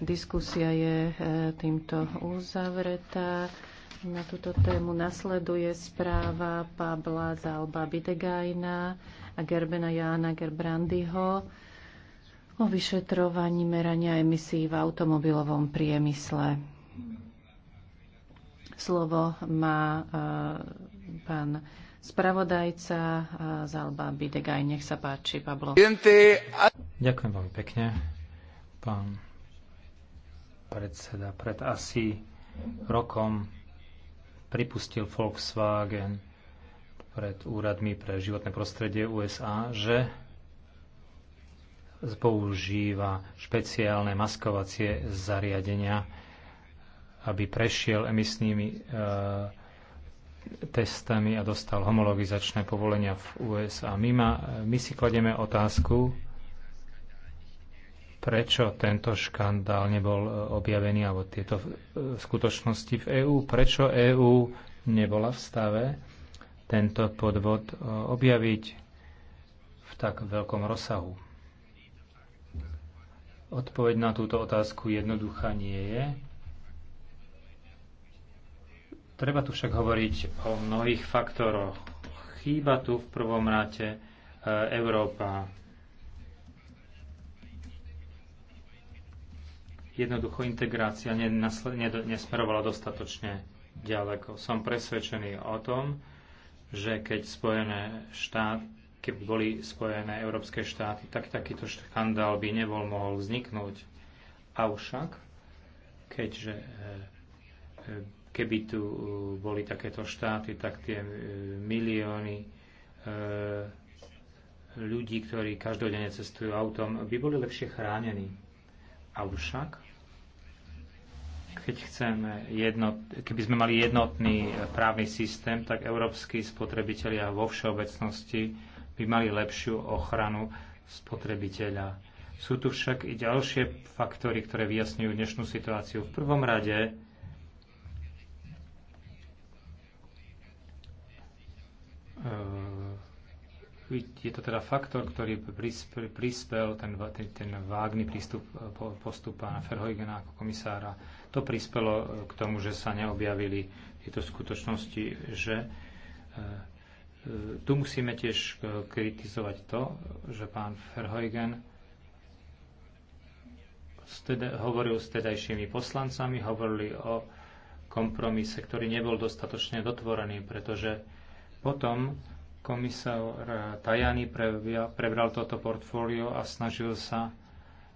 Diskusia je e, týmto uzavretá. Na túto tému nasleduje správa Pabla Zalba Bidegajna a Gerbena Jána Gerbrandyho o vyšetrovaní merania emisí v automobilovom priemysle. Slovo má e, pán spravodajca e, Zalba Bidegaj. Nech sa páči, Pablo. Ďakujem veľmi pekne, pán predseda, pred asi rokom pripustil Volkswagen pred úradmi pre životné prostredie USA, že používa špeciálne maskovacie zariadenia, aby prešiel emisnými e, testami a dostal homologizačné povolenia v USA. My, ma, my si kladieme otázku, prečo tento škandál nebol e, objavený, alebo tieto e, skutočnosti v EÚ, prečo EÚ nebola v stave tento podvod e, objaviť v tak veľkom rozsahu. Odpoveď na túto otázku jednoduchá nie je. Treba tu však hovoriť o mnohých faktoroch. Chýba tu v prvom rade Európa, jednoducho integrácia nesmerovala dostatočne ďaleko. Som presvedčený o tom, že keď Spojené štáty, keď boli Spojené európske štáty, tak takýto škandál by nebol mohol vzniknúť. Avšak, keďže eh, keby tu eh, boli takéto štáty, tak tie eh, milióny ľudí, ktorí každodenne cestujú autom, by boli lepšie chránení Avšak, keď chceme jednot, keby sme mali jednotný e, právny systém, tak európsky spotrebitelia vo všeobecnosti by mali lepšiu ochranu spotrebiteľa. Sú tu však i ďalšie faktory, ktoré vyjasňujú dnešnú situáciu. V prvom rade uh, je to teda faktor, ktorý prispel ten, ten, ten vágny prístup eh, postup pána Ferhojgena ako komisára. To prispelo eh, k tomu, že sa neobjavili tieto skutočnosti, že eh, tu musíme tiež kritizovať to, že pán Verheugen teda, hovoril s tedajšími poslancami, hovorili o kompromise, ktorý nebol dostatočne dotvorený, pretože potom Komisár eh, Tajani prebral toto portfólio a snažil sa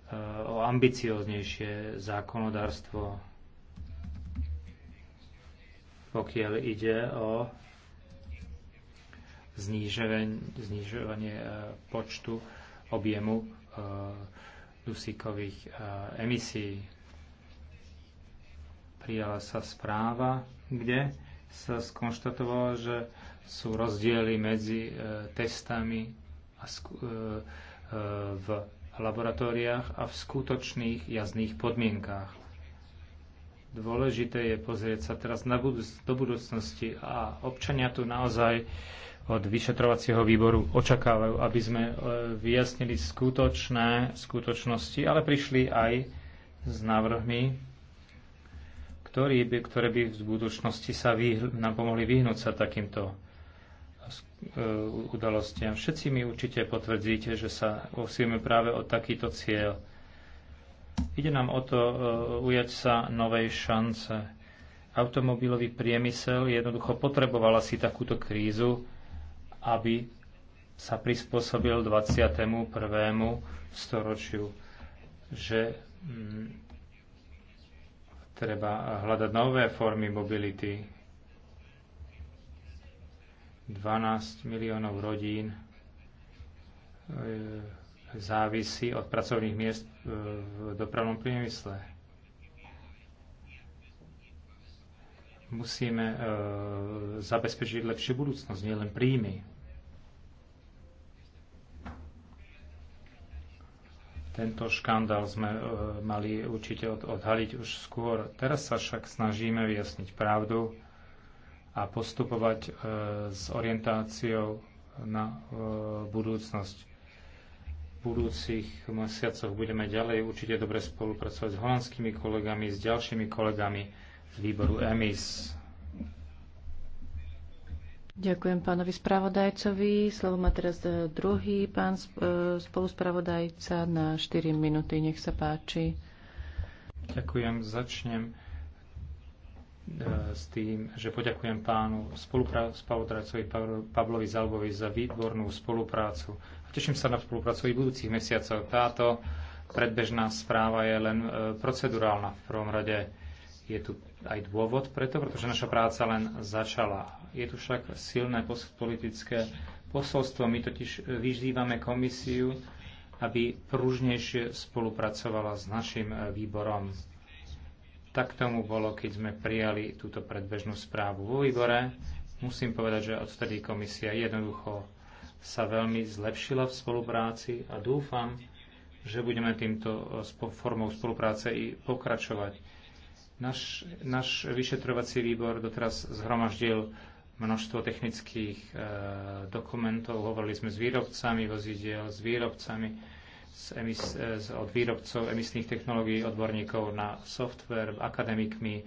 eh, o ambicioznejšie zákonodárstvo, pokiaľ ide o znižovanie eh, počtu objemu dusíkových emisí. Prijala sa správa, kde sa skonštatovalo, že sú rozdiely medzi e, testami a e, e, v laboratóriách a v skutočných jazdných podmienkách. Dôležité je pozrieť sa teraz na budúc- do budúcnosti a občania tu naozaj od vyšetrovacieho výboru očakávajú, aby sme vyjasnili skutočné skutočnosti, ale prišli aj s návrhmi, ktorý by, ktoré by v budúcnosti sa vyhl- nám pomohli vyhnúť sa takýmto E, udalostiam. Všetci mi určite potvrdíte, že sa osíme práve o takýto cieľ. Ide nám o to e, ujať sa novej šance. Automobilový priemysel jednoducho potrebovala si takúto krízu, aby sa prispôsobil 21. storočiu, že mm, treba hľadať nové formy mobility, 12 miliónov rodín e, závisí od pracovných miest e, v dopravnom priemysle. Musíme e, zabezpečiť lepšiu budúcnosť, nielen príjmy. Tento škandál sme mali určite odhaliť už skôr. Teraz sa však snažíme vyjasniť pravdu a postupovať e, s orientáciou na e, budúcnosť. V budúcich mesiacoch budeme ďalej určite dobre spolupracovať s holandskými kolegami, s ďalšími kolegami z výboru EMIS. Ďakujem pánovi spravodajcovi. Slovo má teraz e, druhý pán spoluspravodajca na 4 minúty. Nech sa páči. Ďakujem. Začnem E, s tým, že poďakujem pánu spolupracovi Pavlovi Zalbovi za výbornú spoluprácu. A teším sa na spoluprácu i budúcich mesiacov. Táto predbežná správa je len e, procedurálna v prvom rade. Je tu aj dôvod preto, pretože naša práca len začala. Je tu však silné politické posolstvo. My totiž vyzývame komisiu, aby pružnejšie spolupracovala s našim e, výborom tak tomu bolo, keď sme prijali túto predbežnú správu vo výbore. Musím povedať, že odtedy komisia jednoducho sa veľmi zlepšila v spolupráci a dúfam, že budeme týmto eh, formou spolupráce i pokračovať. Náš, náš vyšetrovací výbor doteraz zhromaždil množstvo technických e, dokumentov, hovorili sme s výrobcami vozidiel, s výrobcami z emis- e, z, od výrobcov emisných technológií, odborníkov na software, akademikmi, e,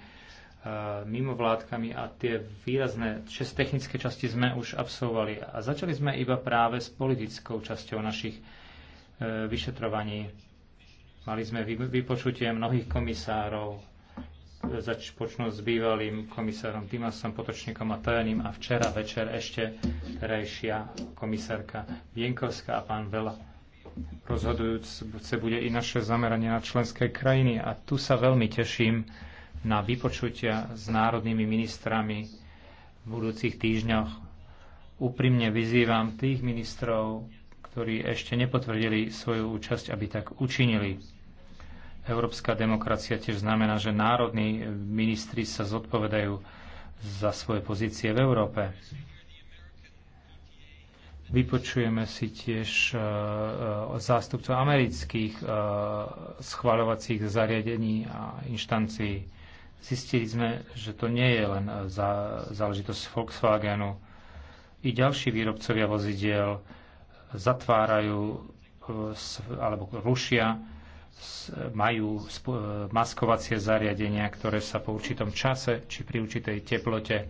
mimovládkami a tie výrazné šest technické časti sme už absolvovali. A začali sme iba práve s politickou časťou našich e, vyšetrovaní. Mali sme vypočutie mnohých komisárov, zač, počnúť s bývalým komisárom Dimasom Potočníkom a Tajaným a včera večer ešte terajšia komisárka Vienkovská a pán Vela Rozhodujúce bude i naše zameranie na členské krajiny a tu sa veľmi teším na vypočutia s národnými ministrami v budúcich týždňoch. Úprimne vyzývam tých ministrov, ktorí ešte nepotvrdili svoju účasť, aby tak učinili. Európska demokracia tiež znamená, že národní ministri sa zodpovedajú za svoje pozície v Európe. Vypočujeme si tiež e, e, zástupcov amerických e, schváľovacích zariadení a inštancií. Zistili sme, že to nie je len za záležitosť Volkswagenu. I ďalší výrobcovia vozidiel zatvárajú alebo rušia, majú maskovacie zariadenia, ktoré sa po určitom čase či pri určitej teplote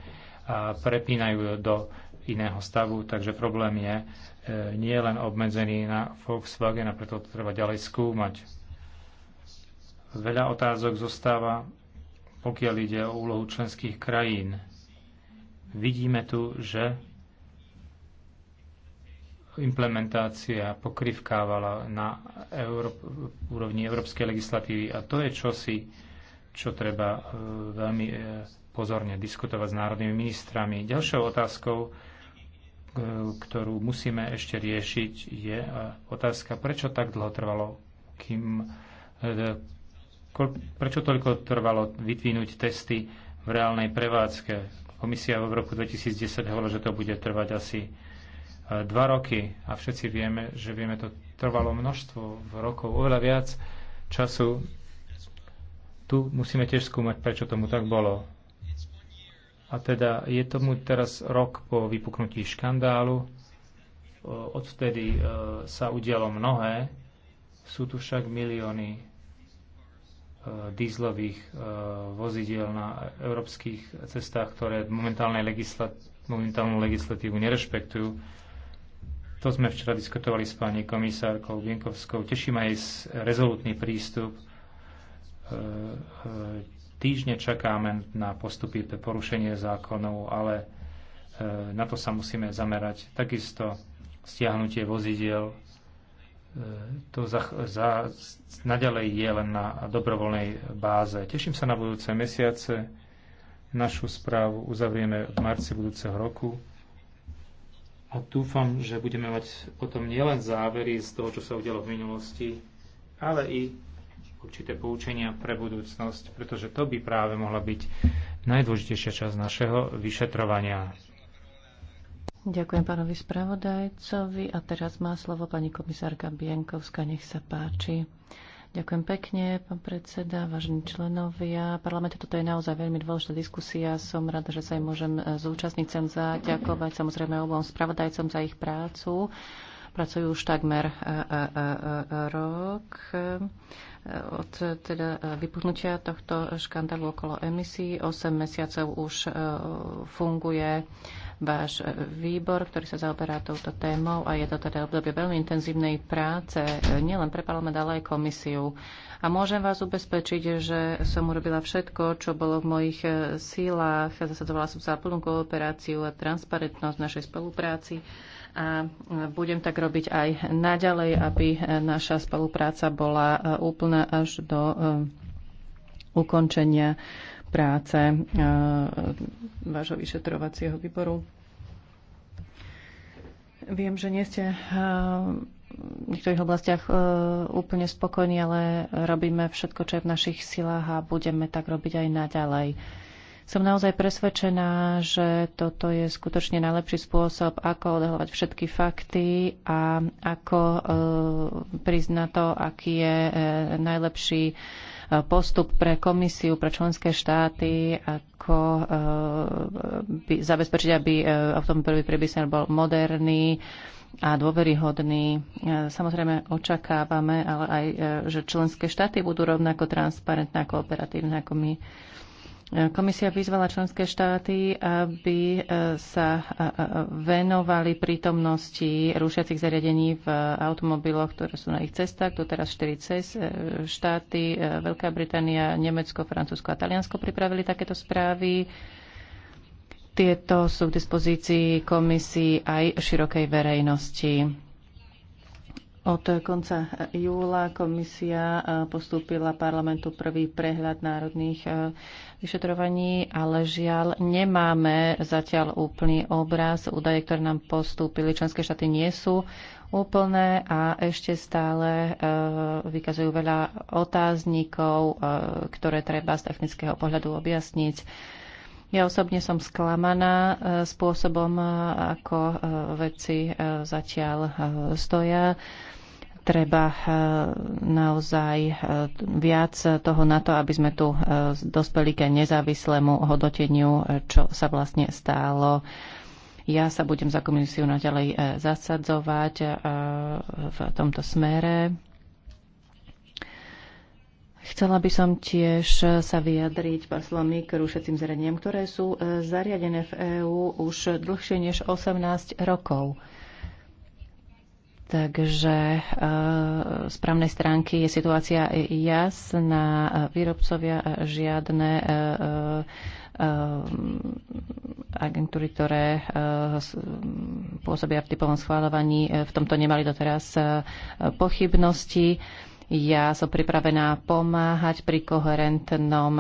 prepínajú do iného stavu, takže problém je e, nie len obmedzený na Volkswagen a preto to treba ďalej skúmať. Veľa otázok zostáva, pokiaľ ide o úlohu členských krajín. Vidíme tu, že implementácia pokrivkávala na Euró- úrovni európskej legislatívy a to je čosi, čo treba e, veľmi e, pozorne diskutovať s národnými ministrami. Ďalšou otázkou E, ktorú musíme ešte riešiť, je e, otázka, prečo tak dlho trvalo, kým, e, prečo toľko trvalo vytvínuť testy v reálnej prevádzke. Komisia v roku 2010 hovorila, že to bude trvať asi dva roky a všetci vieme, že vieme, to trvalo množstvo rokov, oveľa viac času. Tu musíme tiež skúmať, prečo tomu tak bolo a teda je tomu teraz rok po vypuknutí škandálu. Odvtedy e, sa udialo mnohé. Sú tu však milióny e, dízlových e, vozidiel na európskych cestách, ktoré momentálne legislat- momentálnu legislatívu nerešpektujú. To sme včera diskutovali s pani komisárkou Vienkovskou. Teší ma jej rezolutný prístup Týždne čakáme na postupy pre porušenie zákonov, ale e, na to sa musíme zamerať. Takisto stiahnutie vozidiel e, to za, za, naďalej je len na dobrovoľnej báze. Teším sa na budúce mesiace. Našu správu uzavrieme v marci budúceho roku. A dúfam, že budeme mať potom nielen závery z toho, čo sa udialo v minulosti, ale i určité poučenia pre budúcnosť, pretože to by práve mohla byť najdôležitejšia časť našeho vyšetrovania. Ďakujem pánovi spravodajcovi a teraz má slovo pani komisárka Bienkovská, nech sa páči. Ďakujem pekne, pán predseda, vážení členovia parlamentu. Toto je naozaj veľmi dôležitá diskusia. Som rada, že sa aj môžem zúčastniť. Chcem zaďakovať samozrejme obom spravodajcom za ich prácu Pracujú už takmer e, e, e, rok od teda vypuchnutia tohto škandálu okolo emisí. 8 mesiacov už funguje váš výbor, ktorý sa zaoberá touto témou a je to teda obdobie veľmi intenzívnej práce, nielen pre parlament, ale aj komisiu. A môžem vás ubezpečiť, že som urobila všetko, čo bolo v mojich sílách. Zasadzovala som za plnú kooperáciu a transparentnosť našej spolupráci a budem tak robiť aj naďalej, aby naša spolupráca bola e, úplná až do e, ukončenia práce e, vášho vyšetrovacieho výboru. Viem, že nie ste v niektorých oblastiach úplne spokojní, ale robíme všetko, čo je v našich silách a budeme tak robiť aj naďalej. Som naozaj presvedčená, že toto je skutočne najlepší spôsob, ako odhľovať všetky fakty a ako eh, prísť na to, aký je eh, najlepší eh, postup pre komisiu, pre členské štáty, ako by, zabezpečiť, aby automobilový priemysel bol moderný a dôveryhodný. Samozrejme očakávame, ale aj, že členské štáty budú rovnako transparentné a kooperatívne ako my. Komisia vyzvala členské štáty, aby e, sa e, e, venovali prítomnosti rušiacich zariadení v automobiloch, ktoré sú na ich cestách. Tu teraz 4 cest. Štáty Veľká Británia, Nemecko, Francúzsko a Taliansko pripravili takéto správy. Tieto sú k dispozícii komisii aj širokej verejnosti. Od konca júla komisia e, postúpila parlamentu prvý prehľad národných e, vyšetrovaní, ale žiaľ nemáme zatiaľ úplný obraz. Údaje, ktoré nám postúpili členské štáty, nie sú úplné a ešte stále e, vykazujú veľa otáznikov, ktoré treba z technického pohľadu objasniť. Ja osobne som sklamaná spôsobom, ako veci zatiaľ stoja treba eh, naozaj eh, viac toho na to, aby sme tu eh, dospeli ke nezávislému hodnoteniu, čo sa vlastne stálo. Ja sa budem za komisiu naďalej zasadzovať v tomto smere. Chcela by som tiež sa vyjadriť paslami k rušecím zreniam, ktoré sú zariadené v EÚ už dlhšie než 18 rokov. Takže eh, z právnej stránky je situácia jasná. Výrobcovia žiadne eh, eh, agentúry, ktoré pôsobia v typovom schváľovaní, v tomto nemali doteraz pochybnosti. Ja som pripravená pomáhať pri koherentnom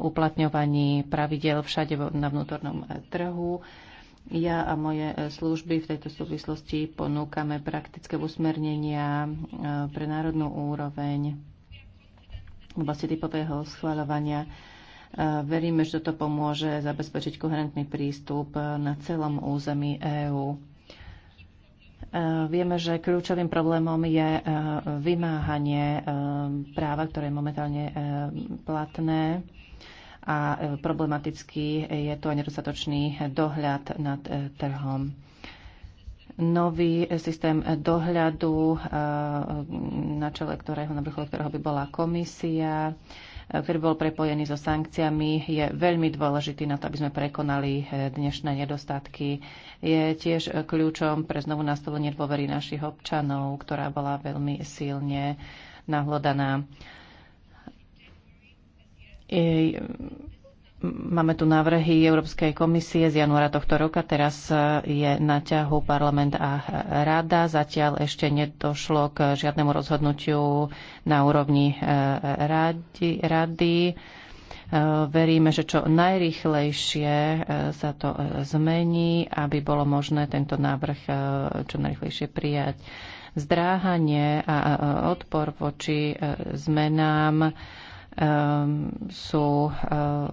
uplatňovaní pravidel všade na vnútornom trhu ja a moje e, služby v tejto súvislosti ponúkame praktické usmernenia e, pre národnú úroveň v oblasti typového schváľovania. E, veríme, že toto pomôže zabezpečiť koherentný prístup na celom území EÚ. Vieme, že kľúčovým problémom je vymáhanie práva, ktoré je momentálne platné a e, problematický je to aj nedostatočný dohľad nad e, trhom nový e, systém dohľadu, na čele ktorého, na vrchole ktorého by bola komisia, ktorý bol prepojený so sankciami, je veľmi dôležitý na to, aby sme prekonali dnešné nedostatky. Je tiež kľúčom pre znovu nastavenie dôvery našich občanov, ktorá bola veľmi silne nahlodaná. E, máme tu návrhy Európskej komisie z januára tohto roka. Teraz e, je na ťahu parlament a rada. Zatiaľ ešte nedošlo k žiadnemu rozhodnutiu na úrovni e, rady. Veríme, že čo najrychlejšie sa to zmení, aby bolo možné tento návrh čo najrychlejšie prijať. Zdráhanie a odpor voči zmenám Ehm, ehm,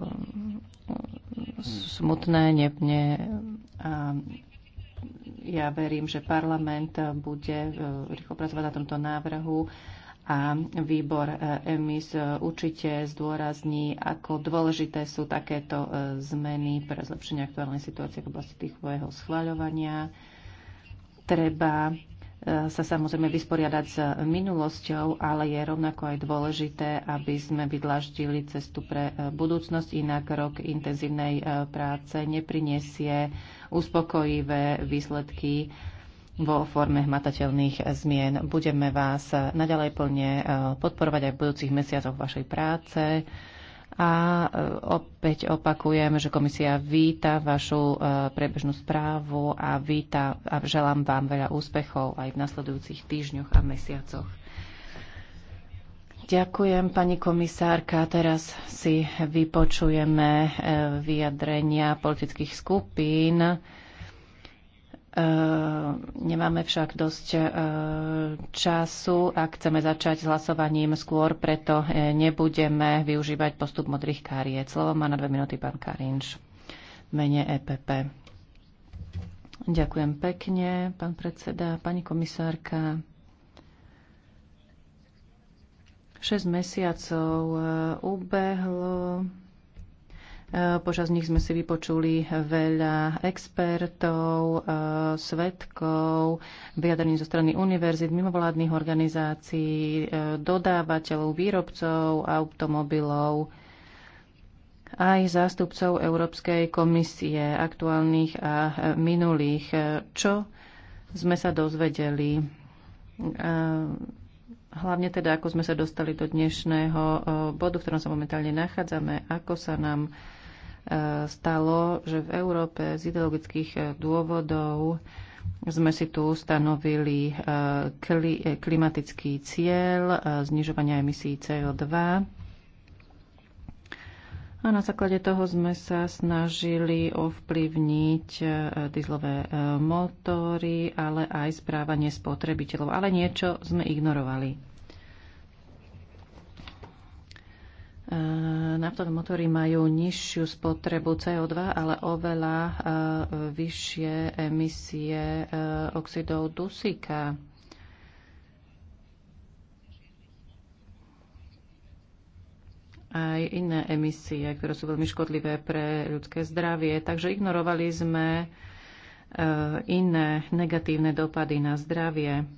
sú smutné, nebne. ne, ja verím, že parlament bude e, rýchlo pracovať na tomto návrhu a výbor e, EMIS určite zdôrazní, ako dôležité sú takéto e, zmeny pre zlepšenie aktuálnej situácie v oblasti týchového schváľovania. Treba sa samozrejme vysporiadať s minulosťou, ale je rovnako aj dôležité, aby sme vydlaždili cestu pre e, budúcnosť, inak rok intenzívnej e, práce nepriniesie uspokojivé výsledky vo forme hmatateľných zmien. Budeme vás naďalej plne e, podporovať aj v budúcich mesiacoch vašej práce a e, opäť opakujem, že komisia víta vašu e, prebežnú správu a víta a želám vám veľa úspechov aj v nasledujúcich týždňoch a mesiacoch. Ďakujem, pani komisárka. Teraz si vypočujeme e, vyjadrenia politických skupín. Ehm, nemáme však dosť ehm, času a chceme začať s hlasovaním skôr, preto e, nebudeme využívať postup modrých kariet. Slovo má na dve minúty pán Karinč mene EPP. Ďakujem pekne, pán predseda, pani komisárka. 6 mesiacov e, ubehlo Eh, počas nich sme si vypočuli veľa expertov, eh, svetkov, vyjadrení zo strany univerzit, mimovládnych organizácií, eh, dodávateľov, výrobcov, automobilov, aj zástupcov Európskej komisie, aktuálnych a minulých. Čo sme sa dozvedeli? Hlavne teda, ako sme sa dostali do dnešného bodu, v ktorom sa momentálne nachádzame, ako sa nám stalo, že v Európe z ideologických eh, dôvodov sme si tu stanovili eh, eh, klimatický cieľ znižovania emisí CO2. A na základe toho sme sa snažili ovplyvniť dizlové motory, ale aj správanie spotrebiteľov. Ale niečo sme ignorovali. Eh, naftové motory majú nižšiu spotrebu CO2, ale oveľa eh, vyššie emisie eh, oxidov dusíka. aj iné emisie, ktoré sú veľmi škodlivé pre ľudské zdravie. Takže ignorovali sme iné negatívne dopady na zdravie.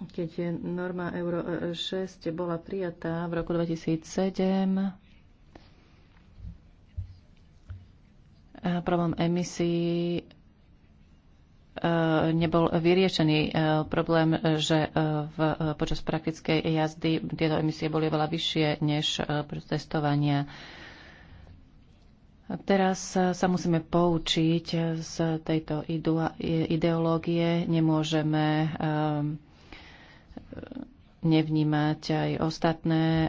Keď norma Euro 6 e, bola prijatá v roku 2007, problém emisí e, nebol vyriešený e, problém, že v, počas praktickej jazdy tieto emisie boli veľa vyššie než počas testovania. Teraz sa musíme poučiť z tejto ideológie. Nemôžeme nevnímať aj ostatné e,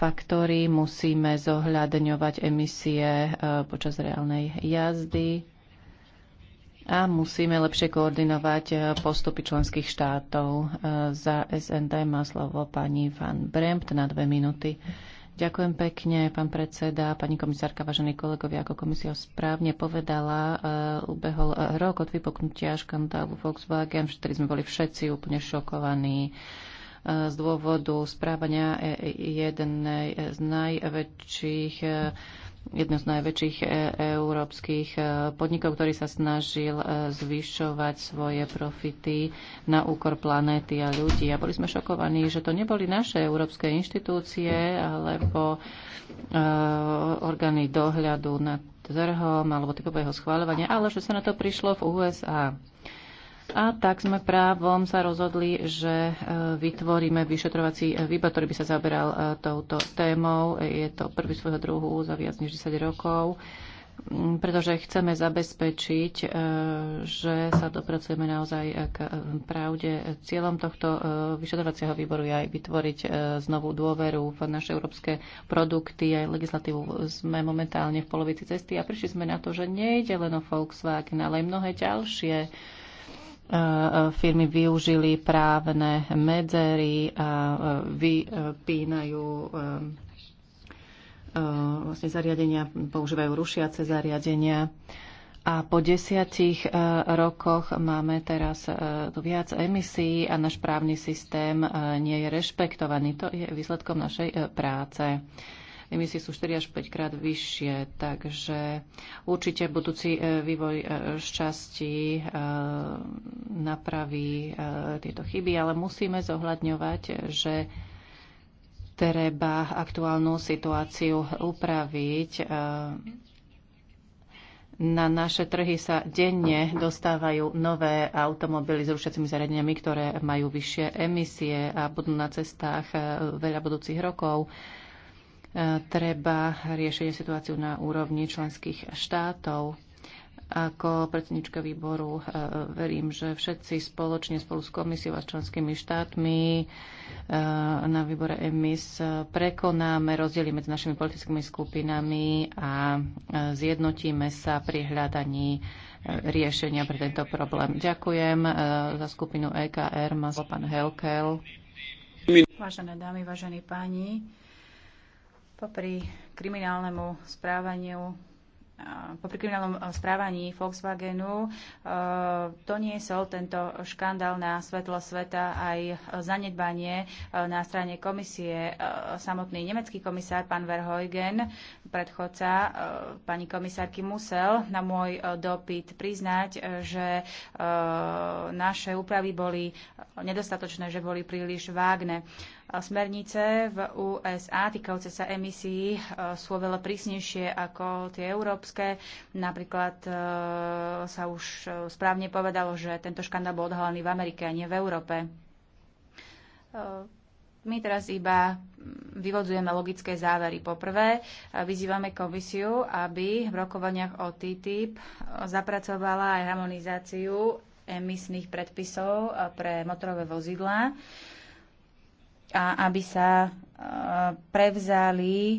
faktory. Musíme zohľadňovať emisie e, počas reálnej jazdy a musíme lepšie koordinovať e, postupy členských štátov. Za SND má slovo pani Van Bremt na dve minúty. Ďakujem pekne, pán predseda, pani komisárka, vážení kolegovia. Ako komisia správne povedala, eh, ubehol rok od vypoknutia škandálu Volkswagen, vtedy sme boli všetci úplne šokovaní eh, z dôvodu správania eh, jednej z najväčších jedno z najväčších e, európskych e, podnikov, ktorý sa snažil e, zvyšovať svoje profity na úkor planéty a ľudí. A boli sme šokovaní, že to neboli naše európske inštitúcie alebo orgány dohľadu nad trhom alebo typového schváľovania, ale že sa na to prišlo v USA. A tak sme právom sa rozhodli, že e, vytvoríme vyšetrovací e, výbor, ktorý by sa zaberal e, touto témou. Je to prvý svojho druhu za viac než 10 rokov mm, pretože chceme zabezpečiť, že sa dopracujeme naozaj k pravde. Cieľom tohto vyšetrovacieho výboru je aj vytvoriť znovu dôveru v naše európske produkty, aj legislatívu. Sme momentálne v polovici cesty a prišli sme na to, že nejde len o Volkswagen, ale aj mnohé ďalšie E, e, firmy využili právne medzery a e, vypínajú vlastne zariadenia, používajú rušiace zariadenia. A po desiatich rokoch máme teraz tu viac emisí a náš právny systém nie je rešpektovaný. To je výsledkom našej práce emisie sú 4 až 5 krát vyššie, takže určite budúci e, vývoj e, z časti e, napraví tieto chyby, ale musíme zohľadňovať, že treba aktuálnu situáciu upraviť. Na naše trhy sa denne dostávajú nové automobily s rušiacimi zariadeniami, ktoré majú vyššie emisie a budú na cestách veľa budúcich rokov treba riešiť situáciu na úrovni členských štátov. Ako predsednička výboru eh, verím, že všetci spoločne spolu s komisiou a s členskými štátmi eh, na výbore EMIS prekonáme rozdiely medzi našimi politickými skupinami a eh, zjednotíme sa pri hľadaní riešenia pre tento problém. Ďakujem za skupinu EKR, má pán Helkel. Vážené dámy, vážení páni, Popri kriminálnemu správaniu po kriminálnom e, správaní Volkswagenu doniesol e, tento škandál na svetlo sveta aj zanedbanie e, na strane komisie. Samotný nemecký komisár, pán Verheugen, predchodca pani komisárky, musel na môj dopyt priznať, že naše úpravy boli nedostatočné, že boli príliš vágne. Smernice v USA týkajúce sa emisí e, sú veľa prísnejšie ako tie európske. Napríklad e, sa už e, správne povedalo, že tento škandál bol odhalený v Amerike a nie v Európe. My teraz iba vyvodzujeme logické závery. Poprvé, vyzývame komisiu, aby v rokovaniach o TTIP zapracovala aj harmonizáciu emisných predpisov pre motorové vozidlá a aby sa eh, prevzali eh,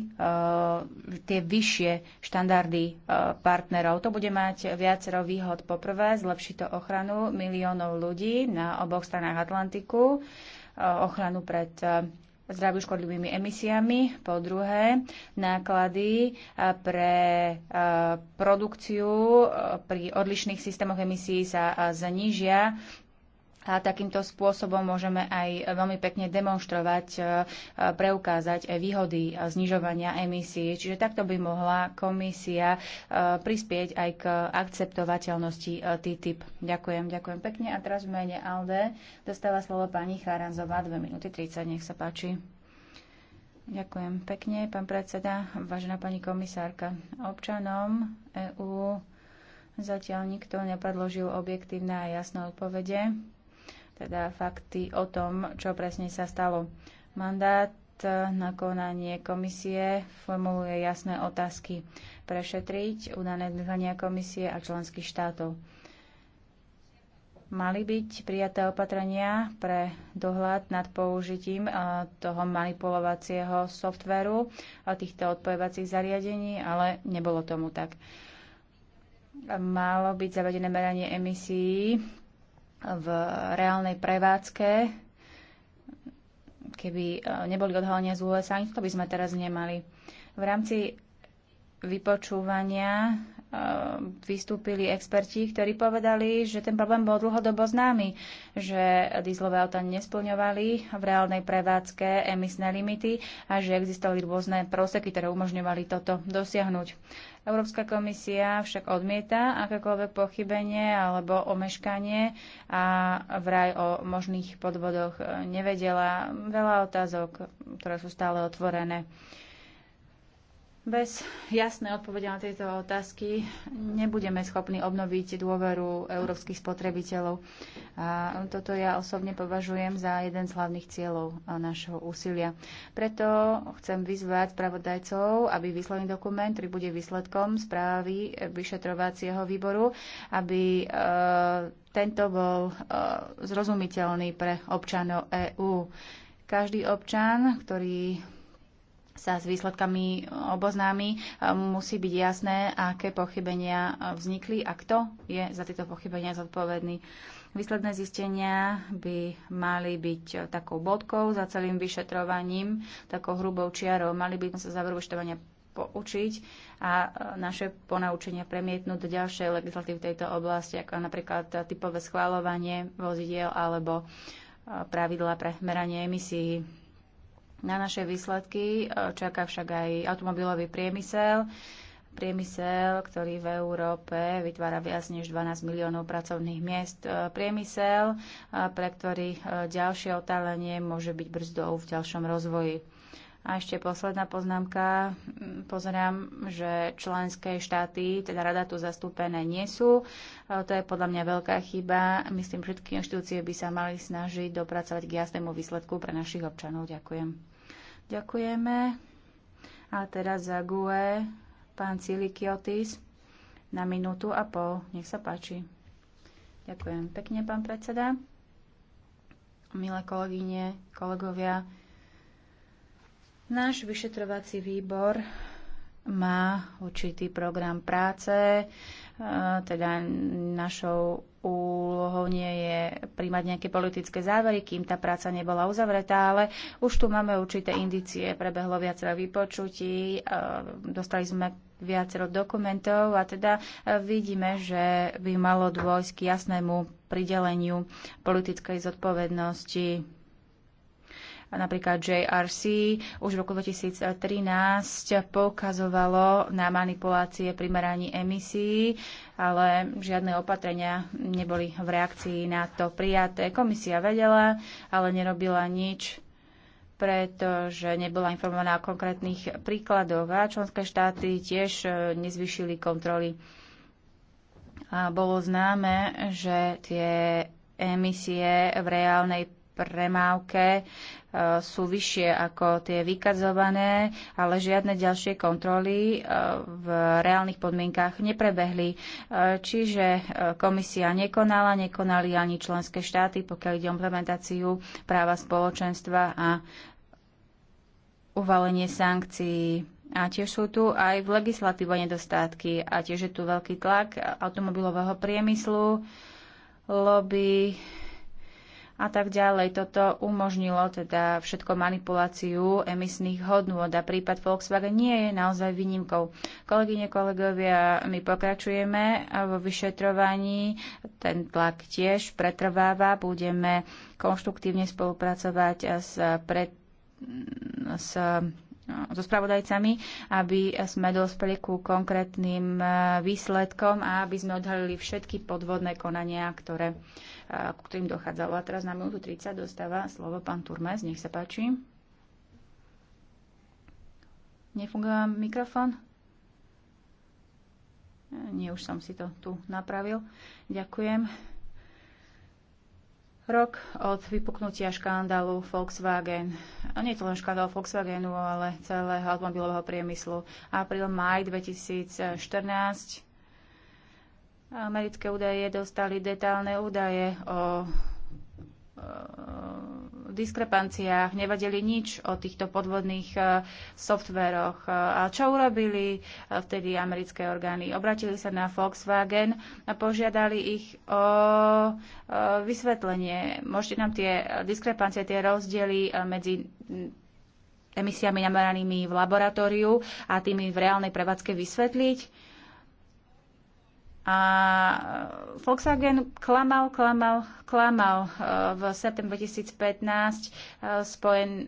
tie vyššie štandardy eh, partnerov. To bude mať viacero výhod. Poprvé, zlepší to ochranu miliónov ľudí na oboch stranách Atlantiku, ochranu pred zdraviu škodlivými emisiami. Po druhé, náklady pre produkciu pri odlišných systémoch emisí sa znížia a takýmto spôsobom môžeme aj veľmi pekne demonstrovať, e, e, preukázať výhody znižovania emisí. Čiže takto by mohla komisia e, prispieť aj k akceptovateľnosti TTIP. Ďakujem, ďakujem pekne. A teraz v mene ALDE dostáva slovo pani Charanzová, 2 minúty 30, nech sa páči. Ďakujem pekne, pán predseda, vážená pani komisárka. Občanom EÚ zatiaľ nikto nepredložil objektívne a jasné odpovede teda fakty o tom, čo presne sa stalo. Mandát e, na konanie komisie formuluje jasné otázky prešetriť udané dlhania komisie a členských štátov. Mali byť prijaté opatrenia pre dohľad nad použitím e, toho manipulovacieho softveru a týchto odpojevacích zariadení, ale nebolo tomu tak. Malo byť zavedené meranie emisí v reálnej prevádzke, keby e, neboli odhalenia z USA, to by sme teraz nemali. V rámci vypočúvania Ehm, vystúpili experti, ktorí povedali, že ten problém bol dlhodobo známy, že dieslové auta nesplňovali v reálnej prevádzke emisné limity a že existovali rôzne proseky, ktoré umožňovali toto dosiahnuť. Európska komisia však odmieta akékoľvek pochybenie alebo omeškanie a vraj o možných podvodoch nevedela veľa otázok, ktoré sú stále otvorené. Bez jasnej odpovede na tieto otázky nebudeme schopní obnoviť dôveru európskych spotrebiteľov. A toto ja osobne považujem za jeden z hlavných cieľov našho úsilia. Preto chcem vyzvať spravodajcov, aby výsledný dokument, ktorý bude výsledkom správy vyšetrovacieho výboru, aby e, tento bol e, zrozumiteľný pre občanov EÚ. Každý občan, ktorý sa s výsledkami oboznámi, musí byť jasné, aké pochybenia vznikli a kto je za tieto pochybenia zodpovedný. Výsledné zistenia by mali byť takou bodkou za celým vyšetrovaním, takou hrubou čiarou. Mali by sme sa za vyšetrovania poučiť a naše ponaučenia premietnúť do ďalšej legislatívy v tejto oblasti, ako napríklad typové schváľovanie vozidiel alebo pravidla pre meranie emisí. Na naše výsledky e, čaká však aj automobilový priemysel, priemysel, ktorý v Európe vytvára viac než 12 miliónov pracovných miest. E, priemysel, e, pre ktorý ďalšie otálenie môže byť brzdou v ďalšom rozvoji. A ešte posledná poznámka. Mm, pozerám, že členské štáty, teda rada tu zastúpené nie sú. E, to je podľa mňa veľká chyba. Myslím, všetky inštitúcie by sa mali snažiť dopracovať k jasnému výsledku pre našich občanov. Ďakujem. Ďakujeme. A teraz za GUE pán Cilikiotis na minútu a pol. Nech sa páči. Ďakujem pekne, pán predseda. Milé kolegyne, kolegovia, Náš vyšetrovací výbor má určitý program práce, e, teda našou úlohou nie je príjmať nejaké politické závery, kým tá práca nebola uzavretá, ale už tu máme určité indície, prebehlo viacero vypočutí, e, dostali sme viacero dokumentov a teda e, vidíme, že by malo dôjsť k jasnému prideleniu politickej zodpovednosti napríklad JRC už v roku 2013 poukazovalo na manipulácie pri meraní emisí, ale žiadne opatrenia neboli v reakcii na to prijaté. Komisia vedela, ale nerobila nič pretože nebola informovaná o konkrétnych príkladoch a členské štáty tiež e, nezvyšili kontroly. A bolo známe, že tie emisie v reálnej premávke E, sú vyššie ako tie vykazované, ale žiadne ďalšie kontroly e, v reálnych podmienkách neprebehli. E, čiže komisia nekonala, nekonali ani členské štáty, pokiaľ ide o implementáciu práva spoločenstva a uvalenie sankcií. A tiež sú tu aj v legislatíve nedostatky a tiež je tu veľký tlak automobilového priemyslu, lobby a tak ďalej. Toto umožnilo teda všetko manipuláciu emisných hodnôt a prípad Volkswagen nie je naozaj výnimkou. Kolegyne, kolegovia, my pokračujeme vo vyšetrovaní, ten tlak tiež pretrváva, budeme konštruktívne spolupracovať s, pred, s no, so spravodajcami, aby sme dospeli ku konkrétnym e, výsledkom a aby sme odhalili všetky podvodné konania, ktoré ku ktorým dochádzalo. A teraz na minútu 30 dostáva slovo pán Turmes. Nech sa páči. Nefunguje mikrofón? Nie, už som si to tu napravil. Ďakujem. Rok od vypuknutia škandálu Volkswagen. A nie je to len škandál Volkswagenu, ale celého automobilového priemyslu. Apríl, maj 2014 Americké údaje dostali detálne údaje o diskrepanciách, nevadili nič o týchto podvodných e, softveroch. E, a čo urobili e, vtedy americké orgány? Obratili sa na Volkswagen a požiadali ich o vysvetlenie. Môžete nám tie diskrepancie, tie rozdiely medzi emisiami nameranými v laboratóriu a tými v reálnej prevádzke vysvetliť? A e, Volkswagen klamal, klamal, klamal e, v septembri 2015. E, Spojen,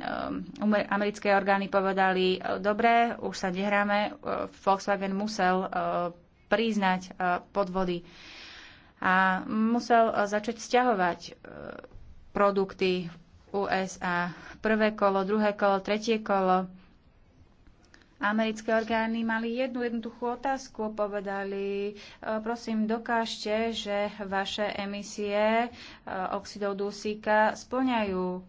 americké orgány povedali, dobre, už sa nehráme. Volkswagen musel priznať podvody a musel začať stiahovať produkty USA. Prvé kolo, druhé kolo, tretie kolo Americké orgány mali jednu jednoduchú otázku, povedali, e, prosím, dokážte, že vaše emisie e, oxidov dusíka splňajú e,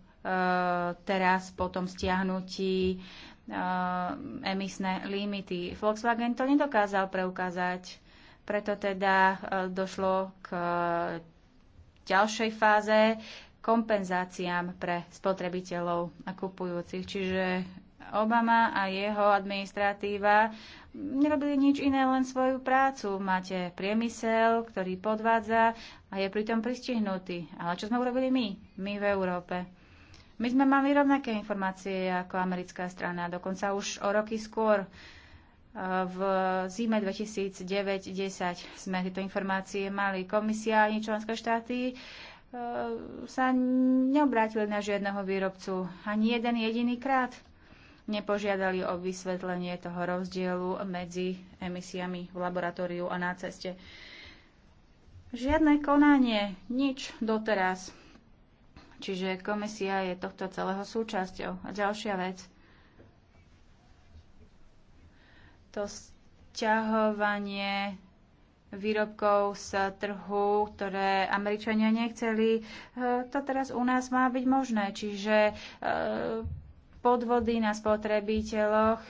teraz po tom stiahnutí emisné limity. Volkswagen to nedokázal preukázať, preto teda došlo k ďalšej fáze kompenzáciám pre spotrebiteľov a kupujúcich. Čiže Obama a jeho administratíva nerobili nič iné, len svoju prácu. Máte priemysel, ktorý podvádza a je pritom pristihnutý. Ale čo sme urobili my? My v Európe. My sme mali rovnaké informácie ako americká strana, dokonca už o roky skôr. V zime 2009 2010 sme tieto informácie mali. Komisia ani členské štáty e, sa neobrátili na žiadneho výrobcu. Ani jeden jediný krát nepožiadali o vysvetlenie toho rozdielu medzi emisiami v laboratóriu a na ceste. Žiadne konanie, nič doteraz. Čiže komisia je tohto celého súčasťou. A ďalšia vec. To sťahovanie výrobkov z trhu, ktoré Američania nechceli. Eh, to teraz u nás má byť možné, čiže eh, podvody na spotrebiteľoch e,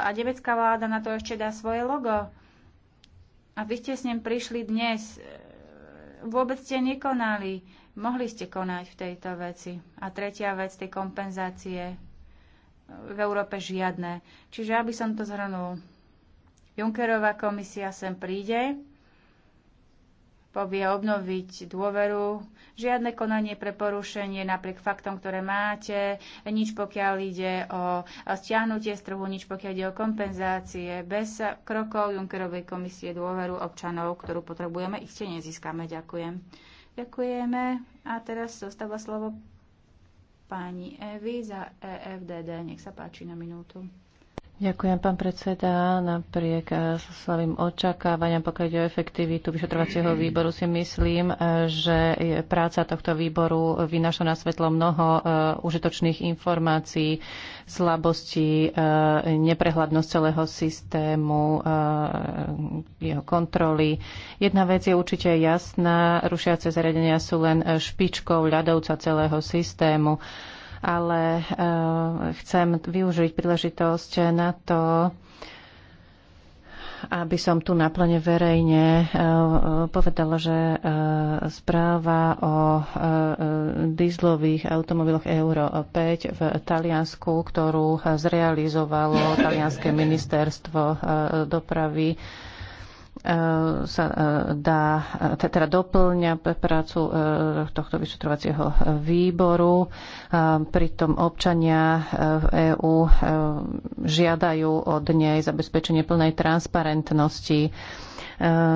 a nemecká vláda na to ešte dá svoje logo. A vy ste s ním prišli dnes. E, vôbec ste nekonali. Mohli ste konať v tejto veci. A tretia vec, tie kompenzácie. V Európe žiadne. Čiže aby som to zhrnul. Junckerová komisia sem príde, povie obnoviť dôveru, žiadne konanie pre porušenie napriek faktom, ktoré máte, nič pokiaľ ide o stiahnutie z trhu, nič pokiaľ ide o kompenzácie. Bez krokov Junckerovej komisie dôveru občanov, ktorú potrebujeme, ich ste nezískame. Ďakujem. Ďakujeme. A teraz zostáva slovo pani Evi za EFDD. Nech sa páči na minútu. Ďakujem, pán predseda. Napriek eh, slavým očakávaniam, pokiaľ ide o efektivitu vyšetrovacieho výboru, si myslím, eh, že práca tohto výboru vynáša na svetlo mnoho eh, užitočných informácií, slabostí, neprehľadnosť celého systému, jeho kontroly. Jedna vec je určite jasná, rušiace zariadenia sú len špičkou ľadovca celého systému ale eh, chcem využiť príležitosť na to, aby som tu naplne verejne eh, povedala, že eh, správa o dieslových automobiloch Euro 5 v Taliansku, ktorú zrealizovalo Talianské ministerstvo dopravy, E, sa e, dá, e, teda doplňa prácu tohto vyšetrovacieho výboru. Pritom občania v EÚ žiadajú od nej zabezpečenie plnej transparentnosti.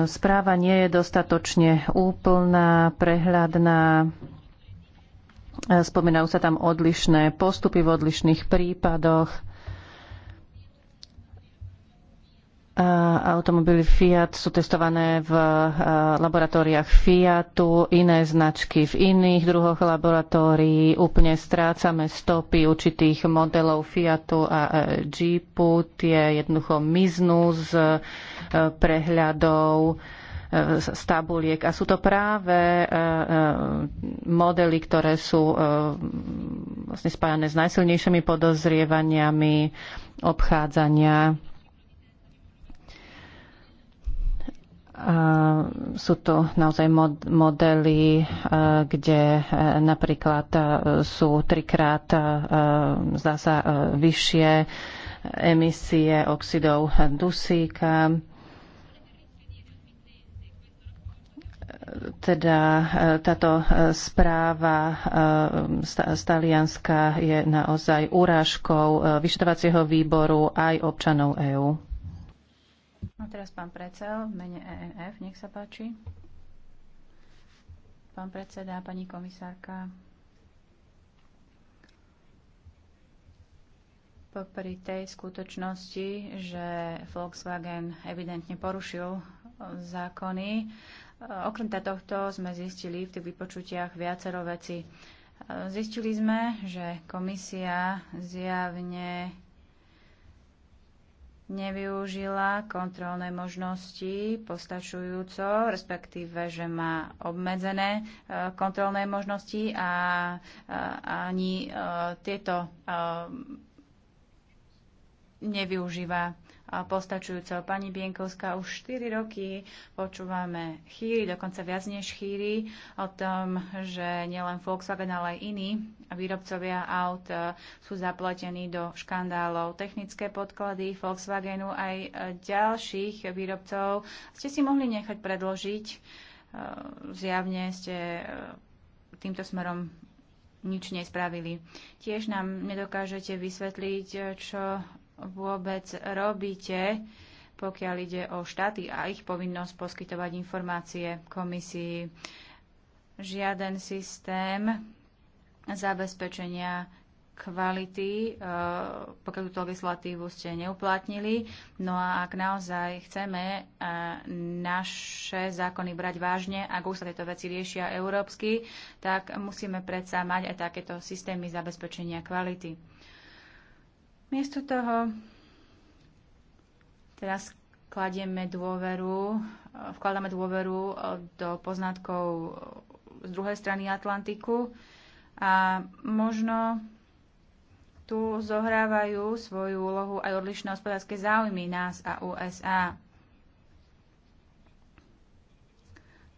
Správa nie je dostatočne úplná, prehľadná. Spomínajú sa tam odlišné postupy v odlišných prípadoch Automobily Fiat sú testované v e, laboratóriách Fiatu, iné značky v iných druhoch laboratórií. Úplne strácame stopy určitých modelov Fiatu a e, Jeepu. Tie jednoducho miznú z e, prehľadov z tabuliek. A sú to práve modely, ktoré sú vlastne spájane s najsilnejšími podozrievaniami obchádzania Sú to naozaj mod- modely, e, kde e, napríklad e, sú trikrát, zasa vyššie emisie oxidov dusíka. Teda táto správa z Talianska je naozaj úrážkou vyšetrovacieho výboru aj občanov EÚ. A teraz pán predsel v mene ENF, nech sa páči. Pán predseda, pani komisárka, popri tej skutočnosti, že Volkswagen evidentne porušil e, zákony. E, okrem tohto sme zistili v tých vypočutiach viacero veci. E, zistili sme, že komisia zjavne nevyužila kontrolné možnosti postačujúco, respektíve, že má obmedzené e, kontrolné možnosti a e, ani e, tieto nevyužíva postačujúco. Pani Bienkovská, už 4 roky počúvame chýry, dokonca viac než chýry, o tom, že nielen Volkswagen, ale aj iní výrobcovia aut e, sú zapletení do škandálov. Technické podklady Volkswagenu aj e, ďalších výrobcov ste si mohli nechať predložiť. E, zjavne ste týmto smerom nič nespravili. Tiež nám nedokážete vysvetliť, čo vôbec robíte, pokiaľ ide o štáty a ich povinnosť poskytovať informácie komisii. Žiaden systém zabezpečenia kvality, e, pokiaľ túto legislatívu ste neuplatnili. No a ak naozaj chceme e, naše zákony brať vážne, ak už sa tieto veci riešia európsky, tak musíme predsa mať aj takéto systémy zabezpečenia kvality. Miesto toho teraz kladieme dôveru, vkladáme dôveru e, do poznatkov e, z druhej strany Atlantiku a možno tu zohrávajú svoju úlohu aj odlišné hospodárske záujmy nás a USA.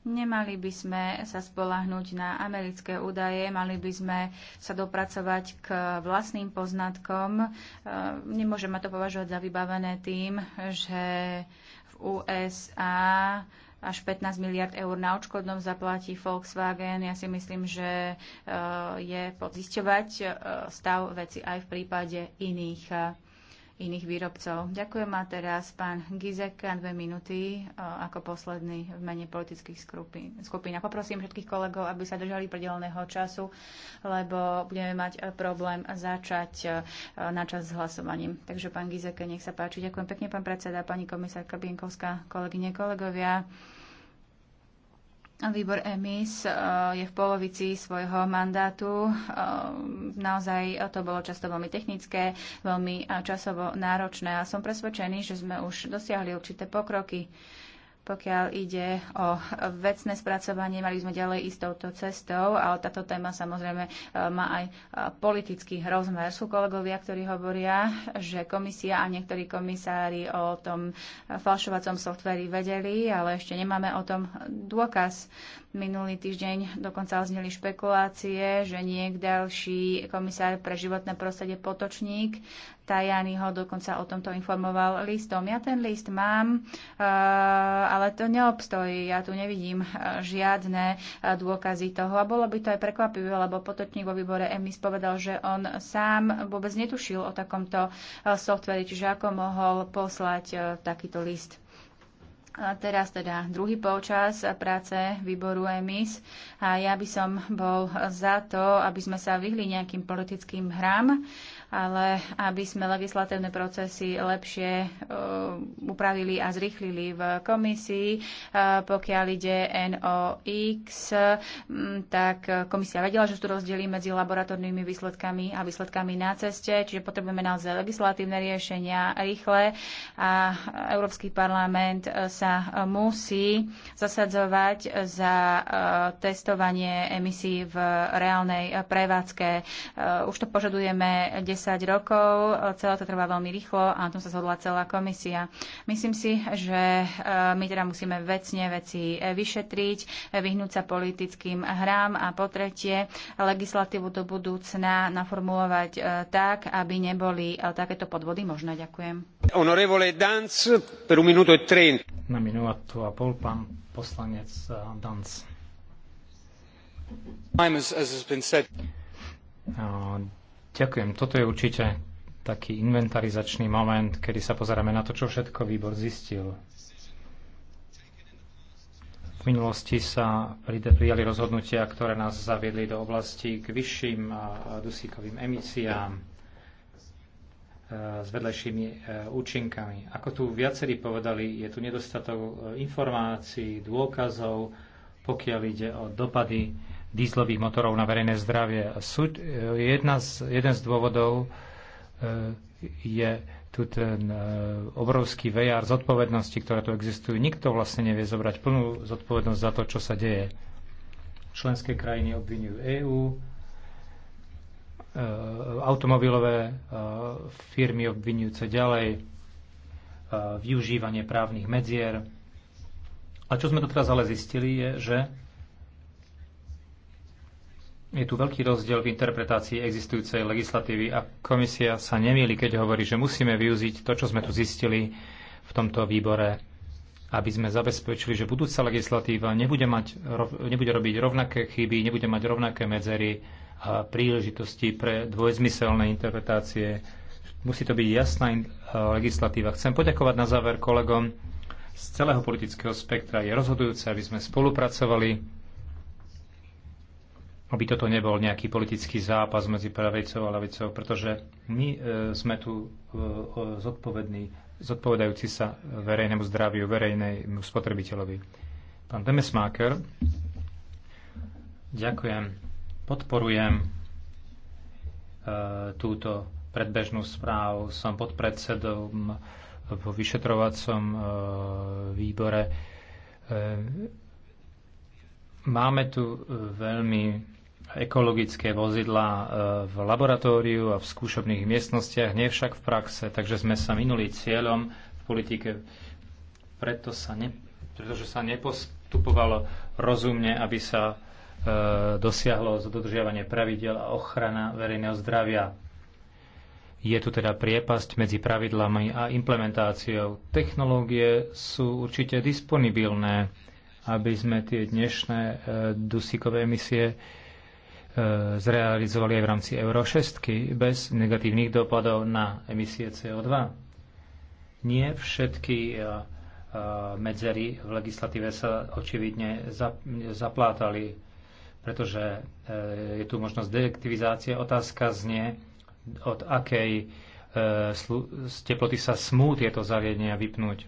Nemali by sme sa spolahnúť na americké údaje, mali by sme sa dopracovať k vlastným poznatkom. E, nemôžeme to považovať za vybavené tým, že v USA až 15 miliard eur na očkodnom zaplatí Volkswagen. Ja si myslím, že e, je podzisťovať e, stav veci aj v prípade iných iných výrobcov. Ďakujem a teraz pán Gizek a dve minúty e, ako posledný v mene politických skupín. A poprosím všetkých kolegov, aby sa držali predelného času, lebo budeme mať e, problém začať e, na čas s hlasovaním. Takže pán Gizek, nech sa páči. Ďakujem pekne, pán predseda, pani komisárka Bienkovská, kolegyne, kolegovia. Výbor EMIS e, je v polovici svojho mandátu. E, naozaj to bolo často veľmi technické, veľmi časovo náročné a som presvedčený, že sme už dosiahli určité pokroky. Pokiaľ ide o vecné spracovanie, mali sme ďalej ísť touto cestou, ale táto téma samozrejme e, má aj e, politický rozmer. Sú kolegovia, ktorí hovoria, že komisia a niektorí komisári o tom e, falšovacom softveri vedeli, ale ešte nemáme o tom dôkaz. Minulý týždeň dokonca ozneli špekulácie, že niekdalší komisár pre životné prostredie Potočník Tajani ho dokonca o tomto informoval listom. Ja ten list mám, eh, ale to neobstojí. Ja tu nevidím eh, žiadne eh, dôkazy toho. A bolo by to aj prekvapivé, lebo potočník vo výbore EMIS povedal, že on sám vôbec netušil o takomto softveri, čiže ako mohol poslať takýto list. A teraz teda druhý polčas práce výboru EMIS a ja by som bol za to, aby sme sa vyhli nejakým politickým hram ale aby sme legislatívne procesy lepšie e, upravili a zrychlili v komisii. E, pokiaľ ide NOX, tak komisia vedela, že sú rozdiely medzi laboratórnymi výsledkami a výsledkami na ceste, čiže potrebujeme naozaj legislatívne riešenia rýchle a Európsky parlament e, sa musí zasadzovať za testovanie emisí v reálnej prevádzke. Už to požadujeme 10 10 rokov. Celé to trvá veľmi rýchlo a na tom sa zhodla celá komisia. Myslím si, že eh, my teda musíme vecne veci eh, vyšetriť, eh, vyhnúť sa politickým hrám a po tretie legislatívu do budúcna naformulovať tak, aby neboli takéto podvody možné. Ďakujem. Honorevole Danc, per un minuto e trent. Na minútu a pol pán poslanec Danz. As, as has been said. Uh, Ďakujem. Toto je určite taký inventarizačný moment, kedy sa pozeráme na to, čo všetko výbor zistil. V minulosti sa prijali rozhodnutia, ktoré nás zaviedli do oblasti k vyšším dusíkovým emisiám e, s vedlejšími e, účinkami. Ako tu viacerí povedali, je tu nedostatok e, informácií, dôkazov, pokiaľ ide o dopady dýzlových motorov na verejné zdravie. Súd, e, jedna z, jeden z dôvodov e, je tu ten e, obrovský vejar zodpovednosti, ktoré tu existujú. Nikto vlastne nevie zobrať plnú zodpovednosť za to, čo sa deje. Členské krajiny obvinujú EÚ, automobilové firmy obvinujúce ďalej, využívanie právnych medzier. A čo sme to teraz ale zistili, je, že je tu veľký rozdiel v interpretácii existujúcej legislatívy a komisia sa nemýli, keď hovorí, že musíme využiť to, čo sme tu zistili v tomto výbore, aby sme zabezpečili, že budúca legislatíva nebude, mať, nebude robiť rovnaké chyby, nebude mať rovnaké medzery a príležitosti pre dvojzmyselné interpretácie. Musí to byť jasná legislatíva. Chcem poďakovať na záver kolegom z celého politického spektra. Je rozhodujúce, aby sme spolupracovali aby toto nebol nejaký politický zápas medzi pravicou a lavicou, pretože my e, sme tu e, zodpovední, zodpovedajúci sa verejnému zdraviu, verejnému spotrebiteľovi. Pán Demesmáker, ďakujem, podporujem e, túto predbežnú správu. Som podpredsedom vo vyšetrovacom výbore. Máme tu veľmi ekologické vozidlá e, v laboratóriu a v skúšobných miestnostiach, nie však v praxe, takže sme sa minuli cieľom v politike, preto sa ne, pretože sa nepostupovalo rozumne, aby sa e, dosiahlo dodržiavanie pravidel a ochrana verejného zdravia. Je tu teda priepasť medzi pravidlami a implementáciou. Technológie sú určite disponibilné, aby sme tie dnešné e, dusíkové emisie E, zrealizovali aj v rámci Euro 6 bez negatívnych dopadov na emisie CO2. Nie všetky e, e, medzery v legislatíve sa očividne zaplátali, pretože je tu možnosť deaktivizácie. Otázka znie, od akej teploty sa smú tieto zariadenia vypnúť.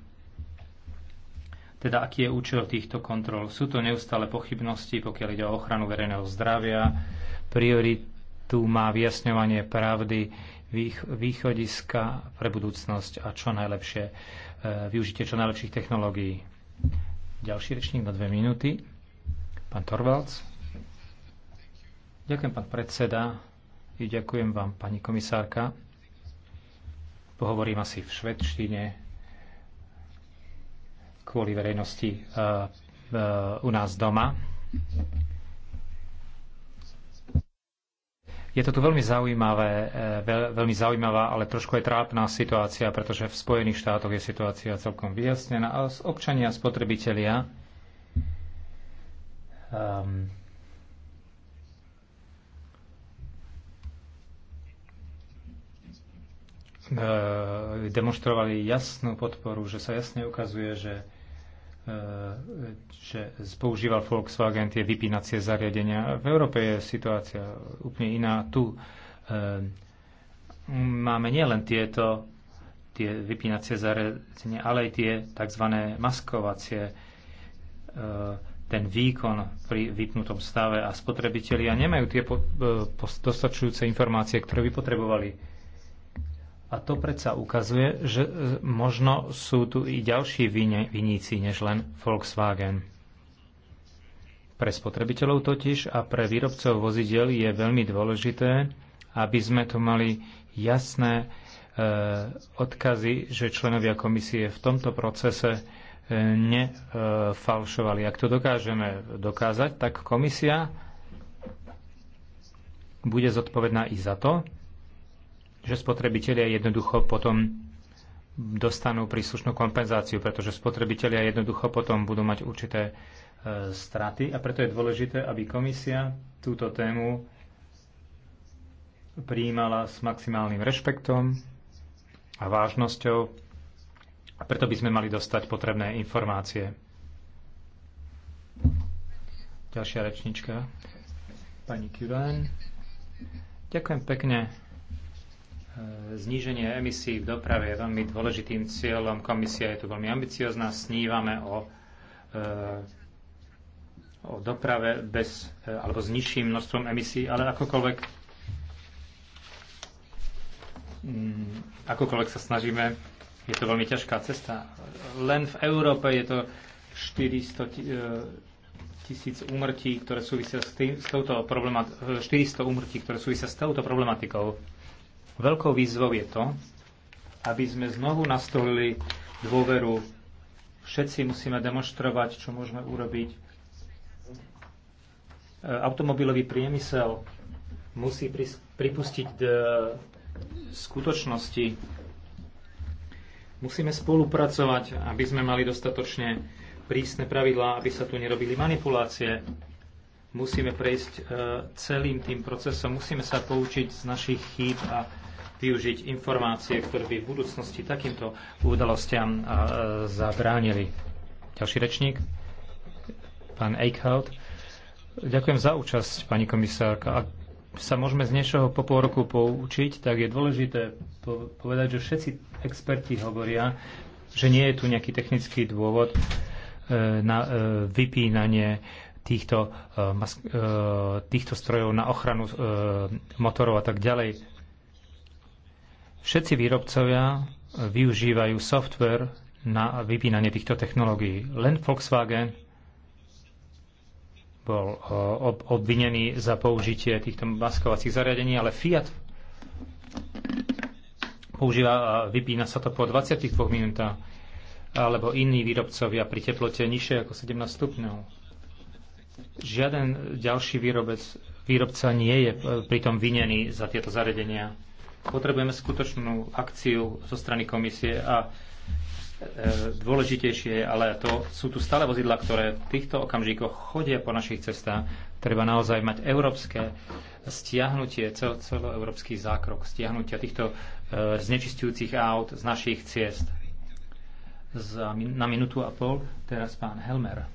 Teda aký je účel týchto kontrol? Sú to neustále pochybnosti, pokiaľ ide o ochranu verejného zdravia, prioritu má vyjasňovanie pravdy, východiska pre budúcnosť a čo najlepšie e, využitie čo najlepších technológií. Ďalší rečník na dve minúty. Pán Torvalc? Ďakujem, pán predseda. I ďakujem vám, pani komisárka. Pohovorím asi v švedštine, kvôli verejnosti eh, eh, u nás doma. Je to tu veľmi, zaujímavé, eh, veľmi zaujímavá, ale trošku aj trápna situácia, pretože v Spojených štátoch je situácia celkom vyjasnená a občania, spotrebitelia um, demonstrovali jasnú podporu, že sa jasne ukazuje, že E, že používal Volkswagen tie vypínacie zariadenia. V Európe je situácia úplne iná. Tu e, máme nielen tieto tie vypínacie zariadenia, ale aj tie tzv. maskovacie, e, ten výkon pri vypnutom stave a spotrebitelia nemajú tie dostačujúce informácie, ktoré by potrebovali a to predsa ukazuje, že e, možno sú tu i ďalší viníci než len Volkswagen. Pre spotrebiteľov totiž a pre výrobcov vozidel je veľmi dôležité, aby sme tu mali jasné e, odkazy, že členovia komisie v tomto procese e, nefalšovali. E, Ak to dokážeme dokázať, tak komisia bude zodpovedná i za to, že spotrebitelia jednoducho potom dostanú príslušnú kompenzáciu, pretože spotrebitelia jednoducho potom budú mať určité e, straty a preto je dôležité, aby komisia túto tému prijímala s maximálnym rešpektom a vážnosťou a preto by sme mali dostať potrebné informácie. Ďalšia rečnička, pani Kurán. Ďakujem pekne. E, zníženie emisí v doprave je veľmi dôležitým cieľom. Komisia je tu veľmi ambiciozná. Snívame o, e, o doprave bez, e, alebo s nižším množstvom emisí, ale akokoľvek, mm, akokoľvek sa snažíme, je to veľmi ťažká cesta. Len v Európe je to 400 tisíc úmrtí, ktoré súvisia s, tým, s touto problematikou. 400 úmrtí, ktoré súvisia s touto problematikou. Veľkou výzvou je to, aby sme znovu nastolili dôveru. Všetci musíme demonstrovať, čo môžeme urobiť. E, automobilový priemysel musí pripustiť e, skutočnosti. Musíme spolupracovať, aby sme mali dostatočne prísne pravidlá, aby sa tu nerobili manipulácie. Musíme prejsť e, celým tým procesom, musíme sa poučiť z našich chýb a využiť informácie, ktoré by v budúcnosti takýmto udalostiam zabránili. Ďalší rečník, pán Eichhout. Ďakujem za účasť, pani komisárka. Ak sa môžeme z niečoho po pol roku poučiť, tak je dôležité povedať, že všetci experti hovoria, že nie je tu nejaký technický dôvod e, na e, vypínanie týchto, e, týchto strojov na ochranu motorov a tak ďalej Všetci výrobcovia eh, využívajú software na vypínanie týchto technológií. Len Volkswagen bol eh, obvinený za použitie týchto maskovacích zariadení, ale Fiat používa, vypína sa to po 22 minútach, alebo iní výrobcovia pri teplote nižšie ako 17 stupňov. Žiaden ďalší výrobec, výrobca nie je eh, pritom vinený za tieto zariadenia. Potrebujeme skutočnú akciu zo strany komisie a e, dôležitejšie je, ale to sú tu stále vozidla, ktoré v týchto okamžikoch chodia po našich cestách. Treba naozaj mať európske stiahnutie, cel, celoeurópsky zákrok stiahnutia týchto e, znečistujúcich aut z našich ciest. Za, na minútu a pol teraz pán Helmer.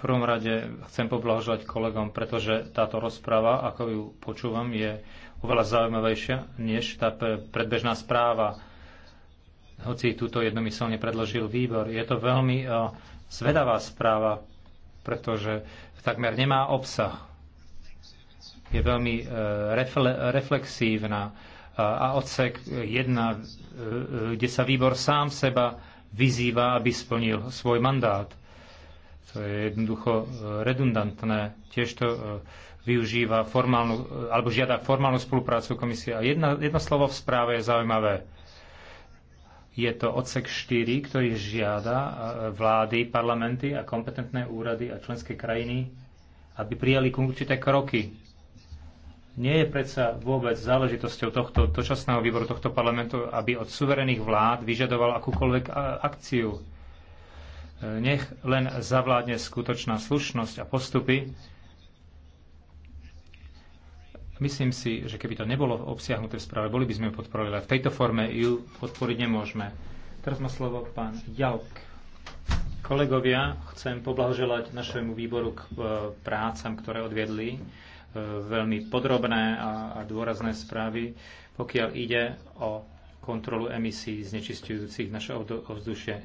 prvom rade chcem poblahoželať kolegom, pretože táto rozpráva, ako ju počúvam, je oveľa zaujímavejšia než tá predbežná správa, hoci túto jednomyselne predložil výbor. Je to veľmi e, zvedavá správa, pretože takmer nemá obsah. Je veľmi e, refle- reflexívna e, a odsek 1, kde sa výbor sám seba vyzýva, aby splnil svoj mandát. To je jednoducho e, redundantné. Tiež to e, využíva formálnu, e, alebo žiada formálnu spoluprácu komisie. A jedno, jedno slovo v správe je zaujímavé. Je to odsek 4, ktorý žiada vlády, parlamenty a kompetentné úrady a členské krajiny, aby prijali určité kroky. Nie je predsa vôbec záležitosťou tohto dočasného výboru tohto parlamentu, aby od suverených vlád vyžadoval akúkoľvek akciu nech len zavládne skutočná slušnosť a postupy. Myslím si, že keby to nebolo obsiahnuté v správe, boli by sme ju podporili, ale v tejto forme ju podporiť nemôžeme. Teraz má slovo pán Jalk. Kolegovia, chcem poblahoželať našemu výboru k e, prácam, ktoré odviedli e, veľmi podrobné a, a dôrazné správy, pokiaľ ide o kontrolu emisí znečistujúcich naše ovzdušie.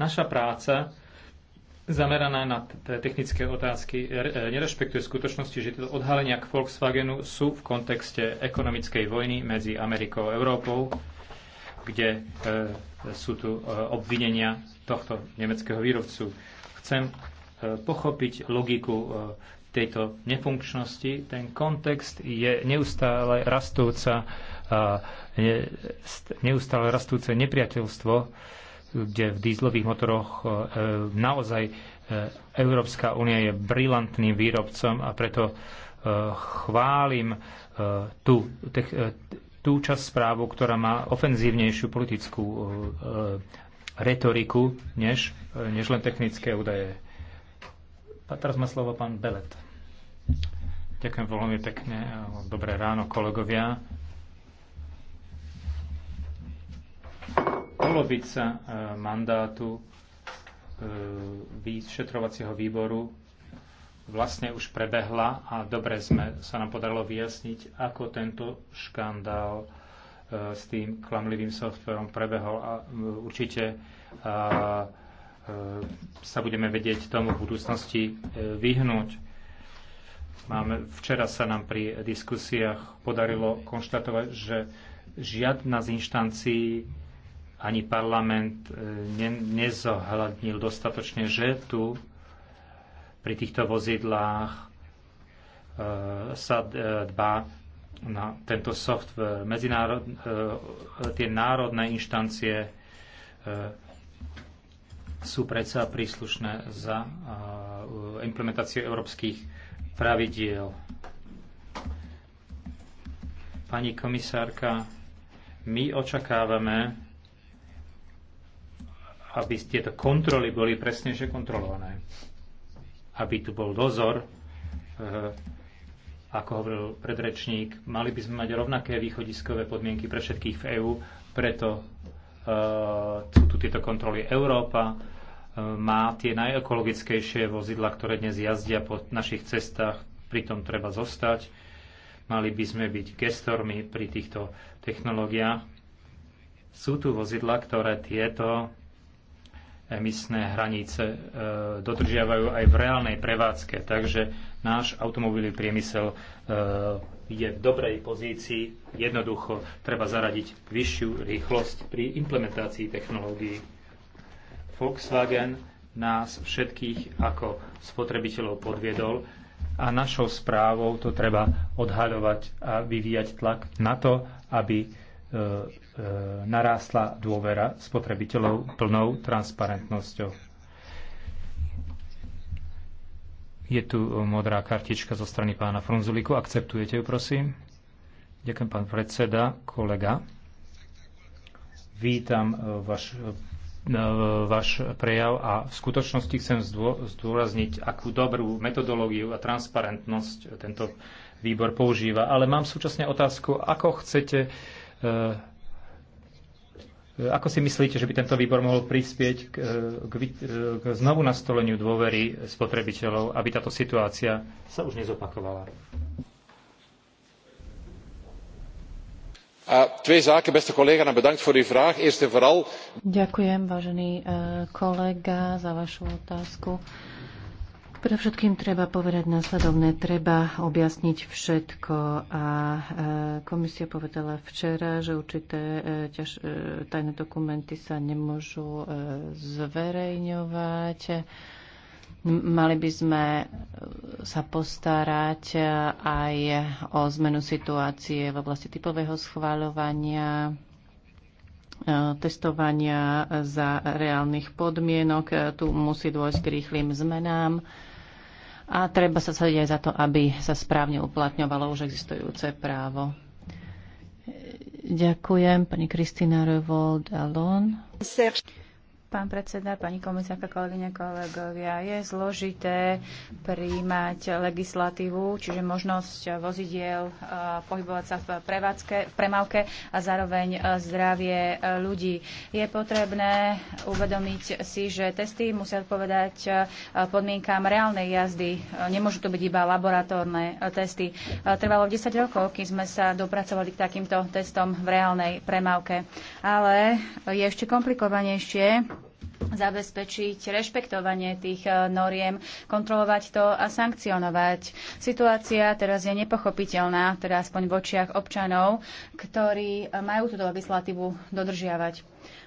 Naša práca zameraná na technické otázky e, nerešpektuje skutočnosti, že tieto odhalenia k Volkswagenu sú v kontexte ekonomickej vojny medzi Amerikou a Európou, kde e, sú tu e, obvinenia tohto nemeckého výrobcu. Chcem pochopiť logiku tejto nefunkčnosti. Ten kontext je neustále rastúca, neustále rastúce nepriateľstvo kde v dýzlových motoroch e, naozaj e, Európska únia je brilantným výrobcom a preto e, chválim tú, tú časť správu, ktorá má ofenzívnejšiu politickú retoriku, než, než len technické údaje. A teraz má slovo pán Belet. Ďakujem veľmi pekne. Dobré ráno, kolegovia. polovica e, mandátu e, vyšetrovacieho výboru vlastne už prebehla a dobre sme, sa nám podarilo vyjasniť, ako tento škandál e, s tým klamlivým softverom prebehol a určite sa budeme vedieť tomu v budúcnosti vyhnúť. Máme, včera sa nám pri diskusiách podarilo konštatovať, že žiadna z inštancií ani parlament e, ne, nezohľadnil dostatočne, že tu pri týchto vozidlách e, sa e, dbá na tento software. Medzinárod, e, e, tie národné inštancie e, sú predsa príslušné za implementáciu európskych pravidiel. Pani komisárka, my očakávame, aby tieto kontroly boli presnejšie kontrolované. Aby tu bol dozor, eh, ako hovoril predrečník, mali by sme mať rovnaké východiskové podmienky pre všetkých v EÚ, preto eh, sú tu tieto kontroly Európa, eh, má tie najekologickejšie vozidla, ktoré dnes jazdia po našich cestách, pritom treba zostať. Mali by sme byť gestormi pri týchto technológiách. Sú tu vozidla, ktoré tieto emisné hranice e, dodržiavajú aj v reálnej prevádzke. Takže náš automobilový priemysel e, je v dobrej pozícii. Jednoducho treba zaradiť vyššiu rýchlosť pri implementácii technológií. Volkswagen nás všetkých ako spotrebiteľov podviedol a našou správou to treba odhaľovať a vyvíjať tlak na to, aby E, e, narástla dôvera spotrebiteľov plnou transparentnosťou. Je tu modrá kartička zo strany pána Frunzuliku. Akceptujete ju, prosím? Ďakujem, pán predseda, kolega. Vítam e, váš, vaš prejav a v skutočnosti chcem zdôrazniť, akú dobrú metodológiu a transparentnosť tento výbor používa. Ale mám súčasne otázku, ako chcete uh, E, e, ako si myslíte, že by tento výbor mohol prispieť k, e, k, k znovu nastoleniu dôvery spotrebiteľov, aby táto situácia sa už nezopakovala? Ďakujem, vážený kolega, za vašu otázku. Predovšetkým treba povedať následovné. Treba objasniť všetko. A e, komisia povedala včera, že určité e, ťaž, e, tajné dokumenty sa nemôžu zverejňovať. Mali by sme sa postarať aj o zmenu situácie v oblasti typového schváľovania testovania za reálnych podmienok. Tu musí dôjsť k rýchlým zmenám a treba sa sadiť aj za to, aby sa správne uplatňovalo už existujúce právo. Ďakujem pani Kristina Revold-Alon. Pán predseda, pani komisárka, kolegyne, kolegovia, je zložité príjmať legislatívu, čiže možnosť vozidiel pohybovať sa v, prevádzke, v premávke a zároveň zdravie ľudí. Je potrebné uvedomiť si, že testy musia odpovedať podmienkám reálnej jazdy. Nemôžu to byť iba laboratórne testy. Trvalo 10 rokov, kým sme sa dopracovali k takýmto testom v reálnej premávke. Ale je ešte komplikovanejšie zabezpečiť rešpektovanie tých eh, noriem, kontrolovať to a sankcionovať. Situácia teraz je nepochopiteľná, teda aspoň v očiach občanov, ktorí eh, majú túto legislatívu dodržiavať.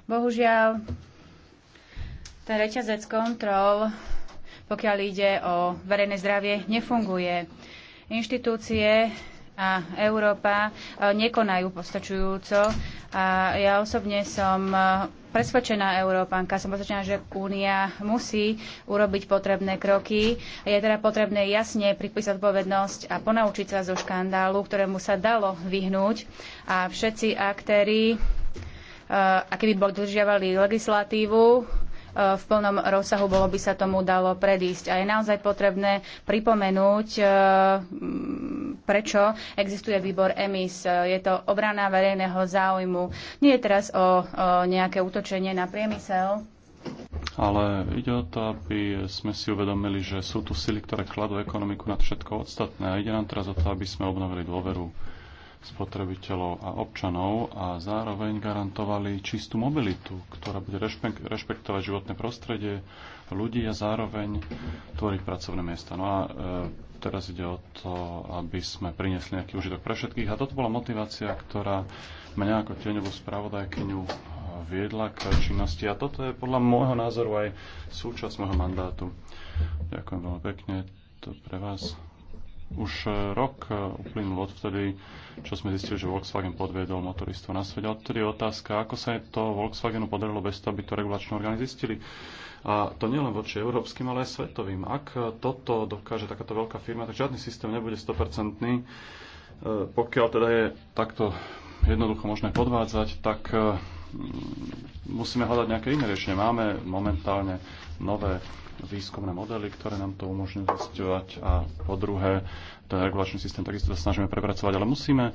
Bohužiaľ, ten reťazec kontrol, pokiaľ ide o verejné zdravie, nefunguje. Inštitúcie a Európa eh, nekonajú postačujúco a ja osobne som e, presvedčená Európanka, som presvedčená, že Únia musí urobiť potrebné kroky. Je teda potrebné jasne pripísať odpovednosť a ponaučiť sa zo škandálu, ktorému sa dalo vyhnúť. A všetci aktéry, e, aké by boli dodržiavali legislatívu, v plnom rozsahu, bolo by sa tomu dalo predísť. A je naozaj potrebné pripomenúť, e, prečo existuje výbor EMIS. E, je to obrana verejného záujmu. Nie je teraz o nejaké útočenie na priemysel, ale ide o to, aby sme si uvedomili, že sú tu sily, ktoré kladú ekonomiku nad všetko ostatné. A ide nám teraz o to, aby sme obnovili dôveru spotrebiteľov a občanov a zároveň garantovali čistú mobilitu, ktorá bude rešpektovať životné prostredie ľudí a zároveň tvoriť pracovné miesta. No a e, teraz ide o to, aby sme priniesli nejaký užitok pre všetkých. A toto bola motivácia, ktorá mňa ako tieňovú spravodajkyňu e, viedla k činnosti. A toto je podľa môjho názoru aj súčasť môjho mandátu. Ďakujem veľmi pekne. To pre vás. Už e, rok e, uplynul odvtedy, čo sme zistili, že Volkswagen podviedol motoristov na svete. Odtedy je otázka, ako sa to Volkswagenu podarilo bez toho, aby to regulačné orgány zistili. A to nielen voči európskym, ale aj svetovým. Ak e, toto dokáže takáto veľká firma, tak žiadny systém nebude 100%. Pokiaľ teda je takto jednoducho možné podvádzať, tak musíme hľadať nejaké iné riešenie. Máme momentálne nové výskumné modely, ktoré nám to umožňujú zistovať a po druhé, ten regulačný systém takisto sa snažíme prepracovať, ale musíme e,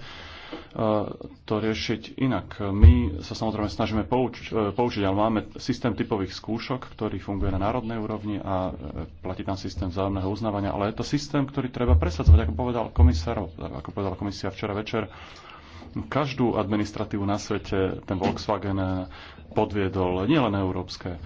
to riešiť inak. My sa samozrejme snažíme pouč- e, poučiť, ale máme systém typových skúšok, ktorý funguje na národnej úrovni a e, platí tam systém vzájomného uznávania, ale je to systém, ktorý treba presadzovať, ako povedal komisár, ako povedala komisia včera večer, každú administratívu na svete ten Volkswagen podviedol, nielen európske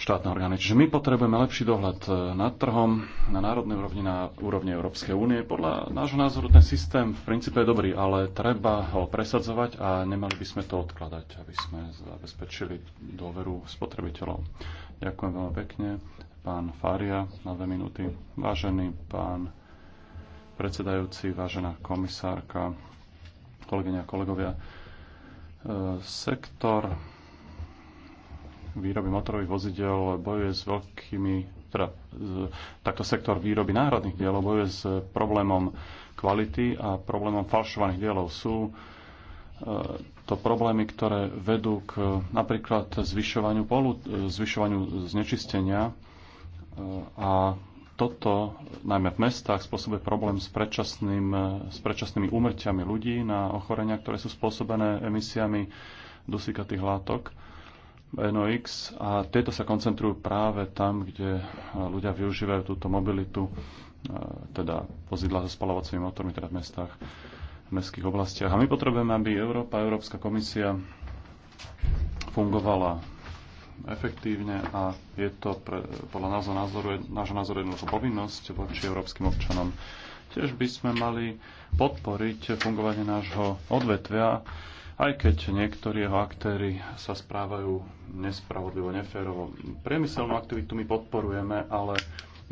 štátne orgány. Čiže my potrebujeme lepší dohľad e, nad trhom na národnej úrovni, na úrovni Európskej únie. Podľa nášho názoru ten systém v princípe je dobrý, ale treba ho presadzovať a nemali by sme to odkladať, aby sme zabezpečili dôveru spotrebiteľov. Ďakujem veľmi pekne. Pán Fária na dve minúty. Vážený pán predsedajúci, vážená komisárka, kolegyňa a kolegovia. E, sektor výroby motorových vozidel bojuje s veľkými, teda takto sektor výroby náhradných dielov bojuje s problémom kvality a problémom falšovaných dielov. Sú e, to problémy, ktoré vedú k napríklad zvyšovaniu, polu, e, zvyšovaniu znečistenia e, a toto, najmä v mestách, spôsobuje problém s, predčasným, s predčasnými úmrťami ľudí na ochorenia, ktoré sú spôsobené emisiami dusíkatých látok. NOx a tieto sa koncentrujú práve tam, kde e, ľudia využívajú túto mobilitu, e, teda vozidla so spalovacími motormi, teda v mestách, v mestských oblastiach. A my potrebujeme, aby Európa, Európska komisia fungovala efektívne a je to pre, podľa nášho názoru, nášho názoru jednoducho povinnosť voči európskym občanom. Tiež by sme mali podporiť fungovanie nášho odvetvia, aj keď niektorí jeho aktéry sa správajú nespravodlivo, neférovo. Priemyselnú aktivitu my podporujeme, ale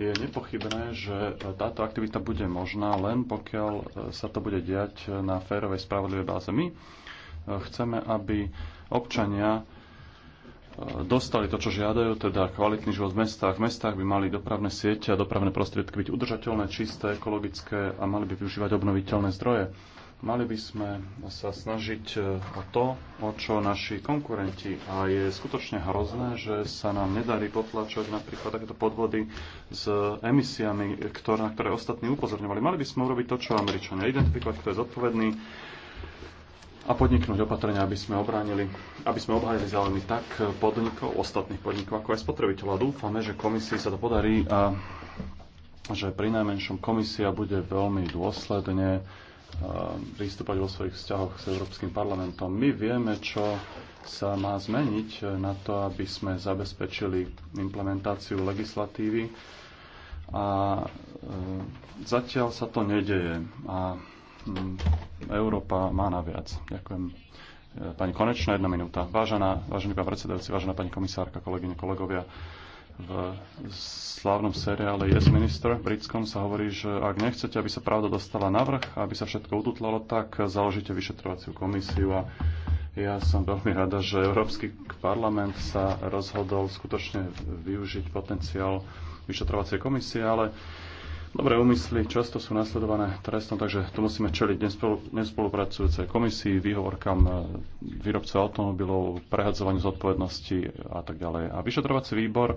je nepochybné, že táto aktivita bude možná len pokiaľ e, sa to bude diať na férovej, spravodlivej báze. My e, chceme, aby občania e, dostali to, čo žiadajú, teda kvalitný život v mestách. V mestách by mali dopravné siete a dopravné prostriedky byť udržateľné, čisté, ekologické a mali by využívať obnoviteľné zdroje. Mali by sme sa snažiť e, o to, o čo naši konkurenti. A je skutočne hrozné, že sa nám nedarí potlačovať napríklad takéto podvody s emisiami, ktoré, na ktoré ostatní upozorňovali. Mali by sme urobiť to, čo Američania. Identifikovať, kto je zodpovedný a podniknúť opatrenia, aby sme obránili, aby sme obhájili záujmy tak podnikov, ostatných podnikov, ako aj spotrebiteľov. Dúfame, že komisii sa to podarí a že pri najmenšom komisia bude veľmi dôsledne Ehm, vystúpať vo svojich vzťahoch s Európskym parlamentom. My vieme, čo sa má zmeniť na to, aby sme zabezpečili implementáciu legislatívy a ehm, zatiaľ sa to nedeje a ehm, Európa má naviac. Ďakujem. Pani Konečná, jedna minúta. Vážená, vážený pán predsedajúci, vážená pani komisárka, kolegyne, kolegovia, v slávnom seriále Yes Minister britskom sa hovorí, že ak nechcete, aby sa pravda dostala na vrch, aby sa všetko ututlalo, tak založite vyšetrovaciu komisiu a ja som veľmi rada, že Európsky parlament sa rozhodol skutočne využiť potenciál vyšetrovacej komisie, ale Dobré úmysly často sú nasledované trestom, takže tu musíme čeliť nespolupracujúcej komisii, výhovorkám e, výrobcov automobilov, prehadzovaniu zodpovednosti a tak ďalej. A vyšetrovací výbor e,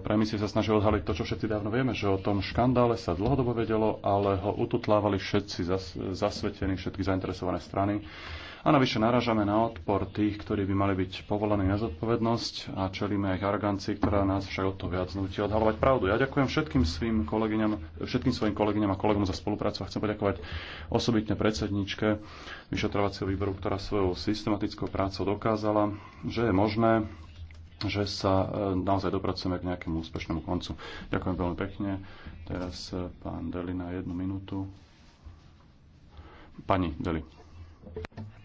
pre emisie sa snažil odhaliť to, čo všetci dávno vieme, že o tom škandále sa dlhodobo vedelo, ale ho ututlávali všetci zas, zasvetení, všetky zainteresované strany. A navyše naražame na odpor tých, ktorí by mali byť povolaní na zodpovednosť a čelíme aj arogancii, ktorá nás však o to viac nutí odhalovať pravdu. Ja ďakujem všetkým svojim kolegyňam, všetkým svojim kolegyňam a kolegom za spoluprácu a chcem poďakovať osobitne predsedničke vyšetrovacieho výboru, ktorá svojou systematickou prácou dokázala, že je možné že sa e, naozaj dopracujeme k nejakému úspešnému koncu. Ďakujem veľmi pekne. Teraz e, pán Deli na jednu minútu. Pani Deli.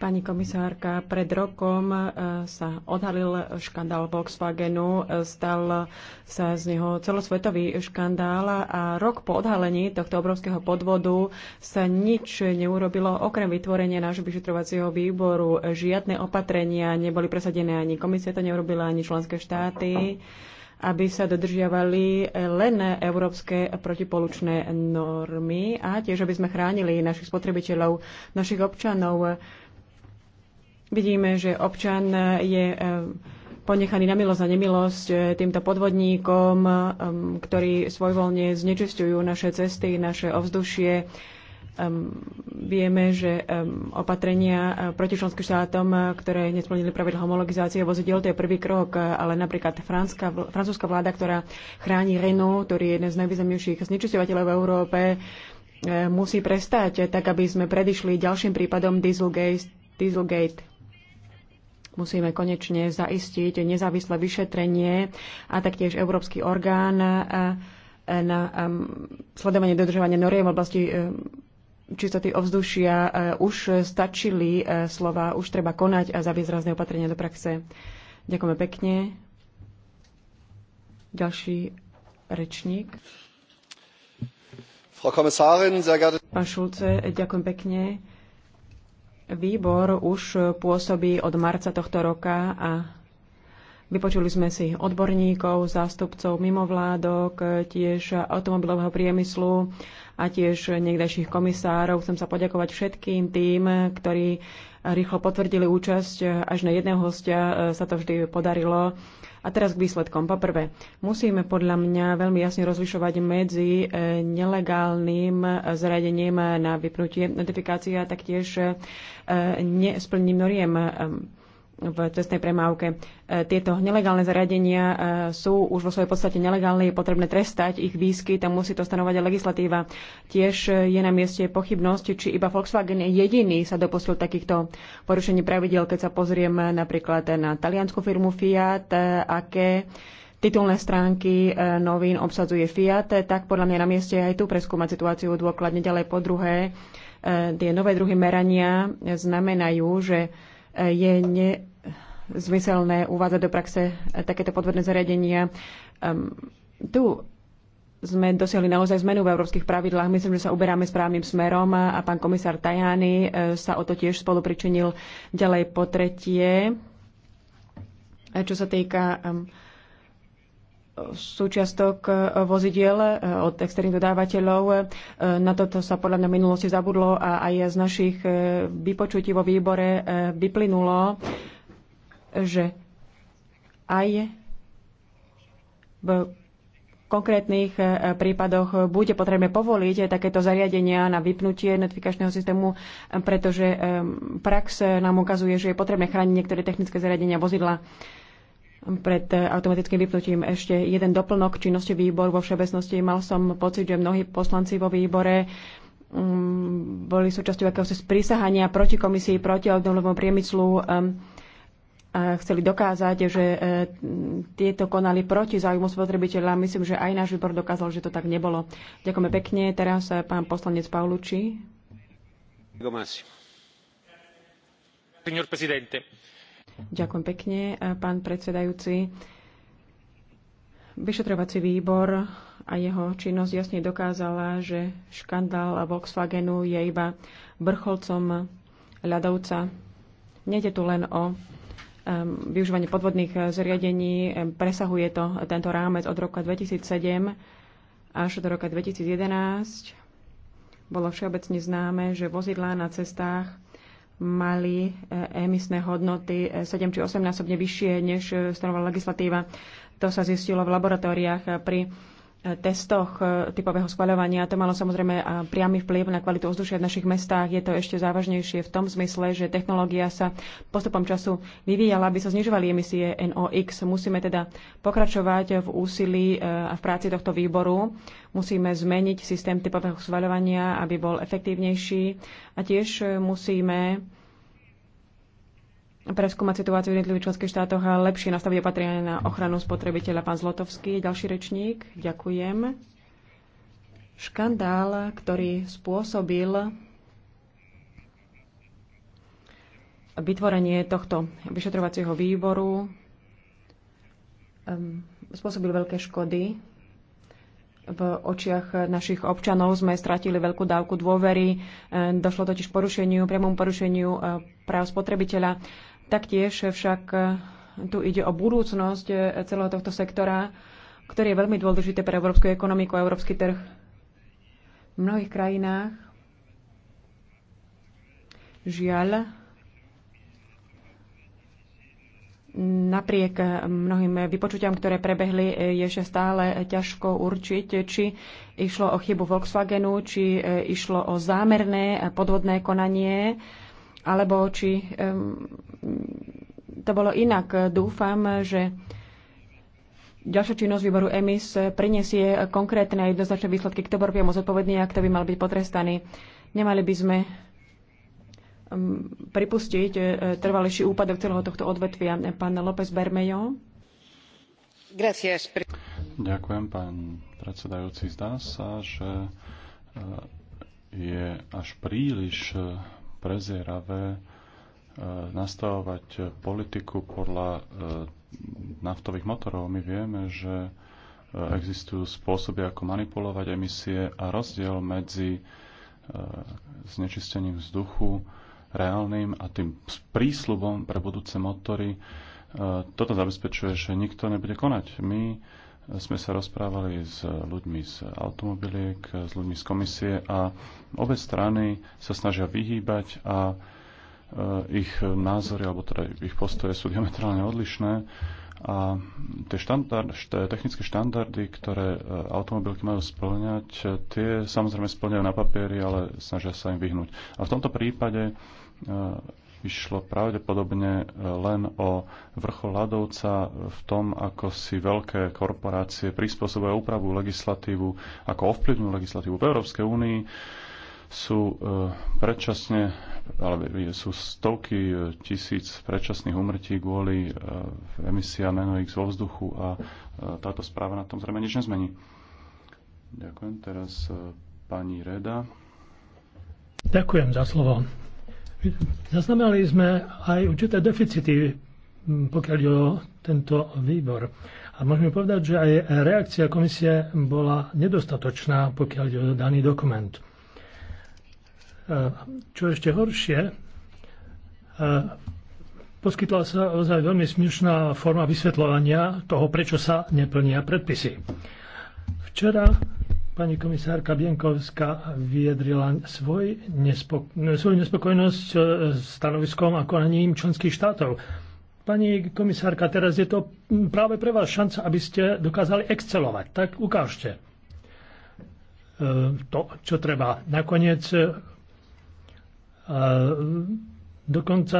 Pani komisárka, pred rokom e, sa odhalil škandál Volkswagenu, e, stal sa z neho celosvetový škandál a rok po odhalení tohto obrovského podvodu sa nič neurobilo okrem vytvorenia nášho vyšetrovacieho výboru. Žiadne opatrenia neboli presadené, ani komisia to neurobila, ani členské štáty aby sa dodržiavali len európske protipolučné normy a tiež, aby sme chránili našich spotrebiteľov, našich občanov. Vidíme, že občan je eh, ponechaný na milosť a nemilosť eh, týmto podvodníkom, eh, ktorí svojvoľne znečisťujú naše cesty, naše ovzdušie Um, vieme, že um, opatrenia eh, proti členským štátom, eh, ktoré nesplnili pravidla homologizácie vozidiel, to je prvý krok, eh, ale napríklad franská, francúzska vláda, ktorá chráni Renault, ktorý je jeden z najvýznamnejších znečisťovateľov v Európe, musí prestať, tak aby sme predišli ďalším prípadom Dieselgate. Dieselgate. Musíme konečne zaistiť nezávislé vyšetrenie a taktiež európsky orgán na sledovanie dodržovania noriem v oblasti čistoty ovzdušia e, už stačili e, slova, už treba konať a zaviesť rázne opatrenia do praxe. Ďakujeme pekne. Ďalší rečník. Pán Šulce, ďakujem pekne. Výbor už pôsobí od marca tohto roka a vypočuli sme si odborníkov, zástupcov mimovládok, tiež automobilového priemyslu, a tiež niekdajších komisárov. Chcem sa poďakovať všetkým tým, ktorí rýchlo potvrdili účasť. Až na jedného hostia e, sa to vždy podarilo. A teraz k výsledkom. Poprvé, musíme podľa mňa veľmi jasne rozlišovať medzi e, nelegálnym e, zariadením na vypnutie notifikácie a taktiež nesplním noriem ehm, v cestnej premávke. E, tieto nelegálne zariadenia e, sú už vo svojej podstate nelegálne, je potrebné trestať ich výsky, tam musí to stanovať legislatíva. Tiež e, je na mieste pochybnosť, či iba Volkswagen jediný sa dopustil takýchto porušení pravidel, keď sa pozriem napríklad na taliansku firmu Fiat, aké titulné stránky novín obsadzuje Fiat, tak podľa mňa na mieste aj tu preskúmať situáciu dôkladne ďalej. Po druhé, tie nové druhy merania znamenajú, že je ne, zmyselné uvádzať do praxe takéto podvodné zariadenia. Ehm, tu sme dosiahli naozaj zmenu v európskych pravidlách. Myslím, že sa uberáme správnym smerom a pán komisár Tajani e, sa o to tiež spolupričinil ďalej po tretie. E, čo sa týka ehm, súčiastok e, vozidiel od externých dodávateľov. Na toto sa podľa mňa v minulosti zabudlo a aj z našich vypočutí vo výbore vyplynulo, že aj v konkrétnych e, prípadoch bude potrebné povoliť takéto zariadenia na vypnutie notifikačného systému, e, pretože e, prax nám ukazuje, že je potrebné chrániť niektoré technické zariadenia vozidla pred automatickým vypnutím. Ešte jeden doplnok činnosti výboru vo všeobecnosti. Mal som pocit, že mnohí poslanci vo výbore mm, boli súčasťou akéhosi sprísahania proti komisii, proti automobilovému priemyslu. Um, chceli dokázať, že e, tieto konali proti záujmu spotrebiteľa. Myslím, že aj náš výbor dokázal, že to tak nebolo. Ďakujeme pekne. Teraz e, pán poslanec Paulucci. Ďakujem pekne, e, pán predsedajúci. Vyšetrovací výbor a jeho činnosť jasne dokázala, že škandál Volkswagenu je iba vrcholcom ľadovca. Nede tu len o Ehm, využívanie podvodných eh, zariadení. Ehm, presahuje to eh, tento rámec od roka 2007 až do roka 2011. Bolo všeobecne známe, že vozidlá na cestách mali eh, emisné hodnoty 7 či 8 násobne vyššie, než stanovala legislatíva. To sa zistilo v laboratóriách pri testoch e, typového schvaľovania. To malo samozrejme e, priamy vplyv na kvalitu ovzdušia v našich mestách. Je to ešte závažnejšie v tom zmysle, že technológia sa postupom času vyvíjala, aby sa znižovali emisie NOx. Musíme teda pokračovať v úsilí e, a v práci tohto výboru. Musíme zmeniť systém typového schvaľovania, aby bol efektívnejší a tiež musíme preskúmať situáciu v jednotlivých členských štátoch a lepšie nastaviť opatrenia na ochranu spotrebiteľa. Pán Zlotovský, ďalší rečník, ďakujem. Škandál, ktorý spôsobil vytvorenie tohto vyšetrovacieho výboru, spôsobil veľké škody. V očiach našich občanov sme stratili veľkú dávku dôvery. Došlo totiž porušeniu, priamom porušeniu eh, práv spotrebiteľa Taktiež však e, tu ide o budúcnosť e, celého tohto sektora, ktorý je veľmi dôležité pre európsku ekonomiku a európsky trh. V mnohých krajinách žiaľ napriek mnohým vypočutiam, ktoré prebehli, e, je ešte stále ťažko určiť, či išlo o chybu Volkswagenu, či išlo o zámerné podvodné konanie alebo či to bolo inak. Dúfam, že ďalšia činnosť výboru EMIS prinesie konkrétne a jednoznačné výsledky, kto bol priamo zodpovedný a kto by mal byť potrestaný. Nemali by sme pripustiť e, trvalejší úpadok celého tohto odvetvia. Pán López Bermejo. Gracias. Ďakujem, pán predsedajúci. Zdá sa, že e, je až príliš prezieravé e, nastavovať politiku podľa e, naftových motorov. My vieme, že e, existujú spôsoby, ako manipulovať emisie a rozdiel medzi znečistením vzduchu reálnym a tým prísľubom pre budúce motory. Toto zabezpečuje, že nikto nebude konať. My sme sa rozprávali s ľuďmi z automobiliek, s ľuďmi z komisie a obe strany sa snažia vyhýbať a e, ich názory, alebo teda ich postoje sú diametrálne odlišné a tie, štandard, tie technické štandardy, ktoré e, automobilky majú splňať, e, tie samozrejme splňajú na papieri, ale snažia sa im vyhnúť. A v tomto prípade išlo pravdepodobne e, len o vrchol ľadovca v tom, ako si veľké korporácie prispôsobujú úpravu legislatívu, ako ovplyvňujú legislatívu v Európskej únii sú e, predčasne, ale sú stovky e, tisíc predčasných umrtí kvôli emisiám NOx vo vzduchu a táto správa na tom zrejme nič nezmení. Ďakujem. Teraz pani Reda. Ďakujem za slovo. Zaznamenali sme aj určité deficity, mm, pokiaľ ide o tento výbor. A môžeme povedať, že aj reakcia komisie bola nedostatočná, pokiaľ ide o daný dokument. E, čo ešte horšie, e, poskytla sa ozaj veľmi smiešná forma vysvetľovania toho, prečo sa neplnia predpisy. Včera Pani komisárka Bienkovská vyjadrila svoj nespok- svoju nespokojnosť e, stanoviskom a konaním členských štátov. Pani komisárka, teraz je to práve pre vás šanca, aby ste dokázali excelovať. Tak ukážte e, to, čo treba. Nakoniec e, dokonca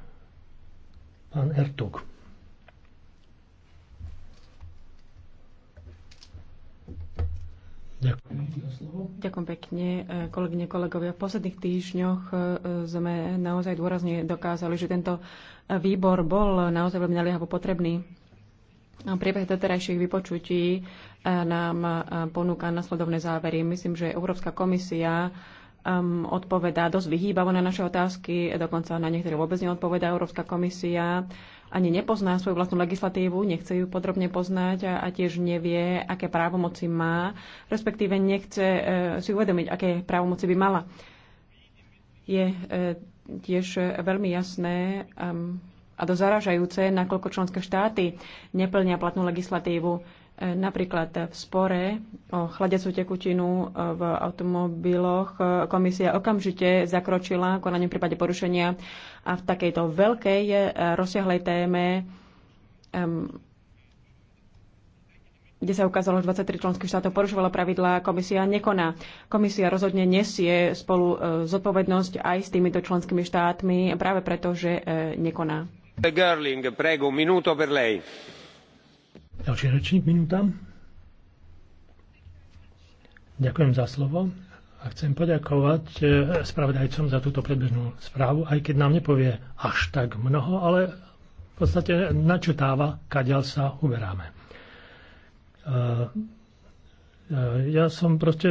Pán Ertug. Ďakujem. Ďakujem pekne. Eh, kolegyne, kolegovia, v posledných týždňoch eh, sme naozaj dôrazne dokázali, že tento eh, výbor bol naozaj veľmi naliehavo potrebný. Priebeh doterajších vypočutí nám ponúka nasledovné závery. Myslím, že Európska komisia um, odpovedá dosť vyhýbavo na naše otázky, dokonca na niektoré vôbec neodpovedá Európska komisia, ani nepozná svoju vlastnú legislatívu, nechce ju podrobne poznať a, a tiež nevie, aké právomoci má, respektíve nechce e, si uvedomiť, aké právomoci by mala. Je e, tiež veľmi jasné um, a dozaražajúce, nakoľko členské štáty neplnia platnú legislatívu Napríklad v spore o chladiacu tekutinu e, v automobiloch e, komisia okamžite zakročila konanie v prípade porušenia a v takejto veľkej e, rozsiahlej téme kde sa ukázalo, že 23 členských štátov porušovalo pravidlá, komisia nekoná. Komisia rozhodne nesie spolu zodpovednosť aj s týmito členskými štátmi práve preto, že nekoná. Girling, prego, minuto per lei. Ďalší rečník, minúta. Ďakujem za slovo a chcem poďakovať e, spravodajcom za túto predbežnú správu, aj keď nám nepovie až tak mnoho, ale v podstate načutáva, kadiaľ sa uberáme. E, e, ja som proste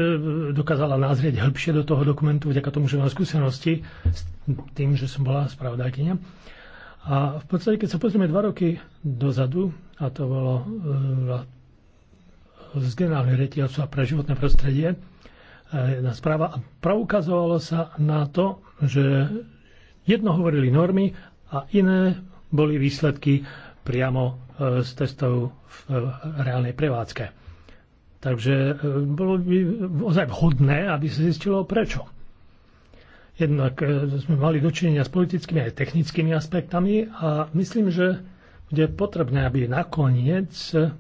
dokázala názrieť hĺbšie do toho dokumentu vďaka tomu, že mám skúsenosti s tým, že som bola spravodajkynia. A v podstate, keď sa pozrieme dva roky dozadu, a to bolo e, z generálneho a pre životné prostredie, e, jedna správa a preukazovalo sa na to, že jedno hovorili normy a iné boli výsledky priamo z e, testov v reálnej prevádzke. Takže bolo by ozaj vhodné, aby sa zistilo prečo. Jednak e, sme mali dočinenia s politickými aj technickými aspektami a myslím, že bude potrebné, aby nakoniec e,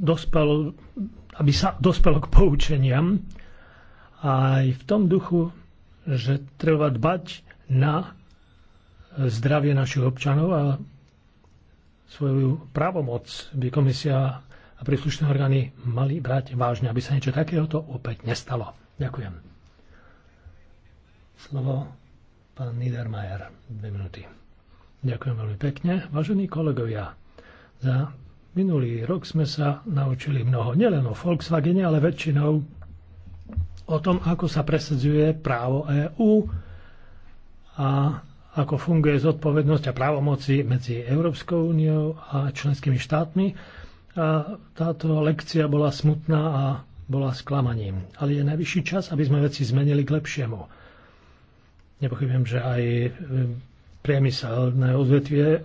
dospelo, aby sa dospelo k poučeniam aj v tom duchu, že treba dbať na zdravie našich občanov a svoju právomoc by komisia a príslušné orgány mali brať vážne, aby sa niečo takéhoto opäť nestalo. Ďakujem. Slovo pán Niedermayer, dve minúty. Ďakujem veľmi pekne. Vážení kolegovia, za minulý rok sme sa naučili mnoho, nielen o Volkswagene, ale väčšinou o tom, ako sa presadzuje právo EÚ a ako funguje zodpovednosť a právomoci medzi Európskou úniou a členskými štátmi. A táto lekcia bola smutná a bola sklamaním. Ale je najvyšší čas, aby sme veci zmenili k lepšiemu. Nepochybujem, že aj e, priemyselné odvetvie e,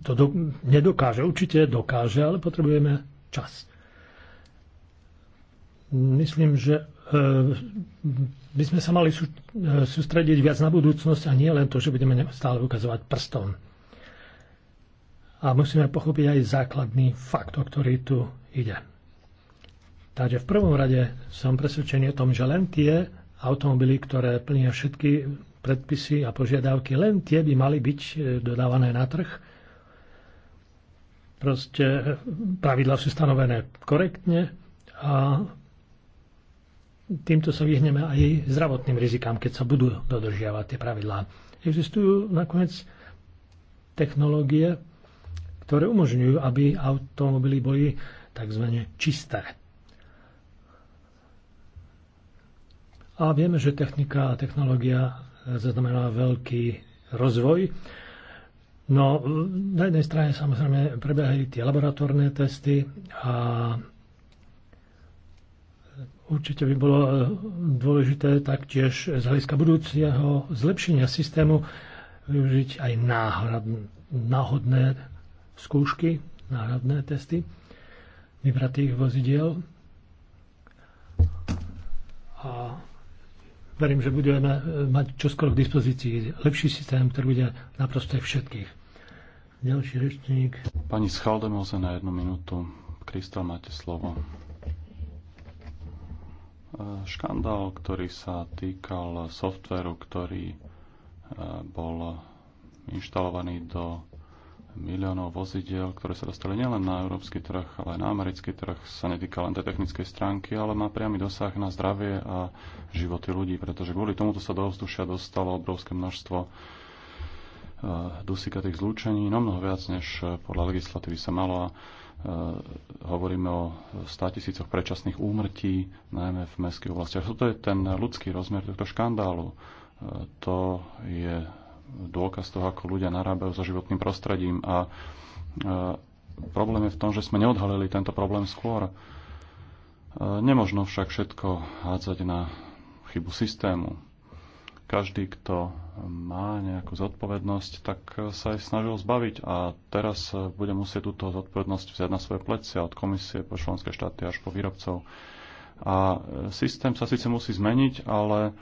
to do, nedokáže. Určite dokáže, ale potrebujeme čas. Myslím, že e, by sme sa mali sústrediť viac na budúcnosť a nie len to, že budeme stále ukazovať prstom. A musíme pochopiť aj základný fakt, o ktorý tu ide. Takže v prvom rade som presvedčený o tom, že len tie automobily, ktoré plnia všetky predpisy a požiadavky, len tie by mali byť e, dodávané na trh. Proste e, pravidla sú stanovené korektne a týmto sa vyhneme aj zdravotným rizikám, keď sa budú dodržiavať tie pravidlá. Existujú nakoniec technológie, ktoré umožňujú, aby automobily boli tzv. čisté. A vieme, že technika a technológia zaznamenala veľký rozvoj. No, na jednej strane samozrejme prebiehajú tie laboratórne testy a určite by bolo dôležité taktiež z hľadiska budúceho zlepšenia systému využiť aj náhodné skúšky, náhradné testy vybratých vozidiel. A verím, že budeme e, mať čoskoro k dispozícii lepší systém, ktorý bude na prospech všetkých. Ďalší rečník. Pani Schaldemoze na jednu minútu. Kristal, máte slovo. E, škandál, ktorý sa týkal softveru, ktorý e, bol inštalovaný do miliónov vozidel, ktoré sa dostali nielen na európsky trh, ale aj na americký trh, sa netýka len tej technickej stránky, ale má priamy dosah na zdravie a životy ľudí, pretože kvôli tomuto sa do ovzdušia dostalo obrovské množstvo e, dusíkatých zlúčení, no mnoho viac, než e, podľa legislatívy sa malo a e, hovoríme o 100 tisícoch predčasných úmrtí, najmä v mestských oblastiach. Toto je ten ľudský rozmer tohto škandálu. To je dôkaz toho, ako ľudia narábajú so životným prostredím a e, problém je v tom, že sme neodhalili tento problém skôr. E, nemožno však všetko hádzať na chybu systému. Každý, kto má nejakú zodpovednosť, tak sa aj snažil zbaviť a teraz bude musieť túto zodpovednosť vziať na svoje plecia od komisie po členské štáty až po výrobcov. A systém sa síce musí zmeniť, ale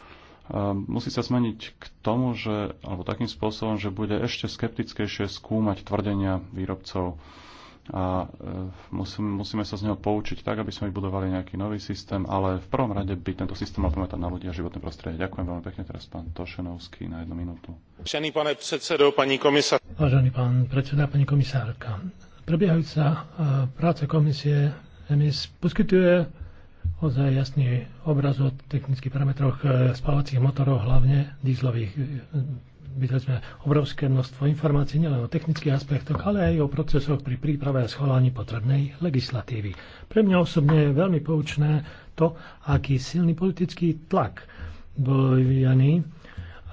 musí sa zmeniť k tomu, že, alebo takým spôsobom, že bude ešte skeptickejšie skúmať tvrdenia výrobcov a e, musím, musíme sa z neho poučiť tak, aby sme vybudovali nejaký nový systém, ale v prvom rade by tento systém mal pamätať na ľudia a životné prostredie. Ďakujem veľmi pekne teraz pán Tošenovský na jednu minútu. Vážený pane predsedo, pani komisár. Vážený pán predseda, pani komisárka. Prebiehajúca e, práca komisie EMIS poskytuje ozaj jasný obraz o technických parametroch e, spávacích motorov, hlavne dízlových. E, videli sme obrovské množstvo informácií nielen o technických aspektoch, ale aj o procesoch pri príprave a schválení potrebnej legislatívy. Pre mňa osobne je veľmi poučné to, aký silný politický tlak bol vyvíjaný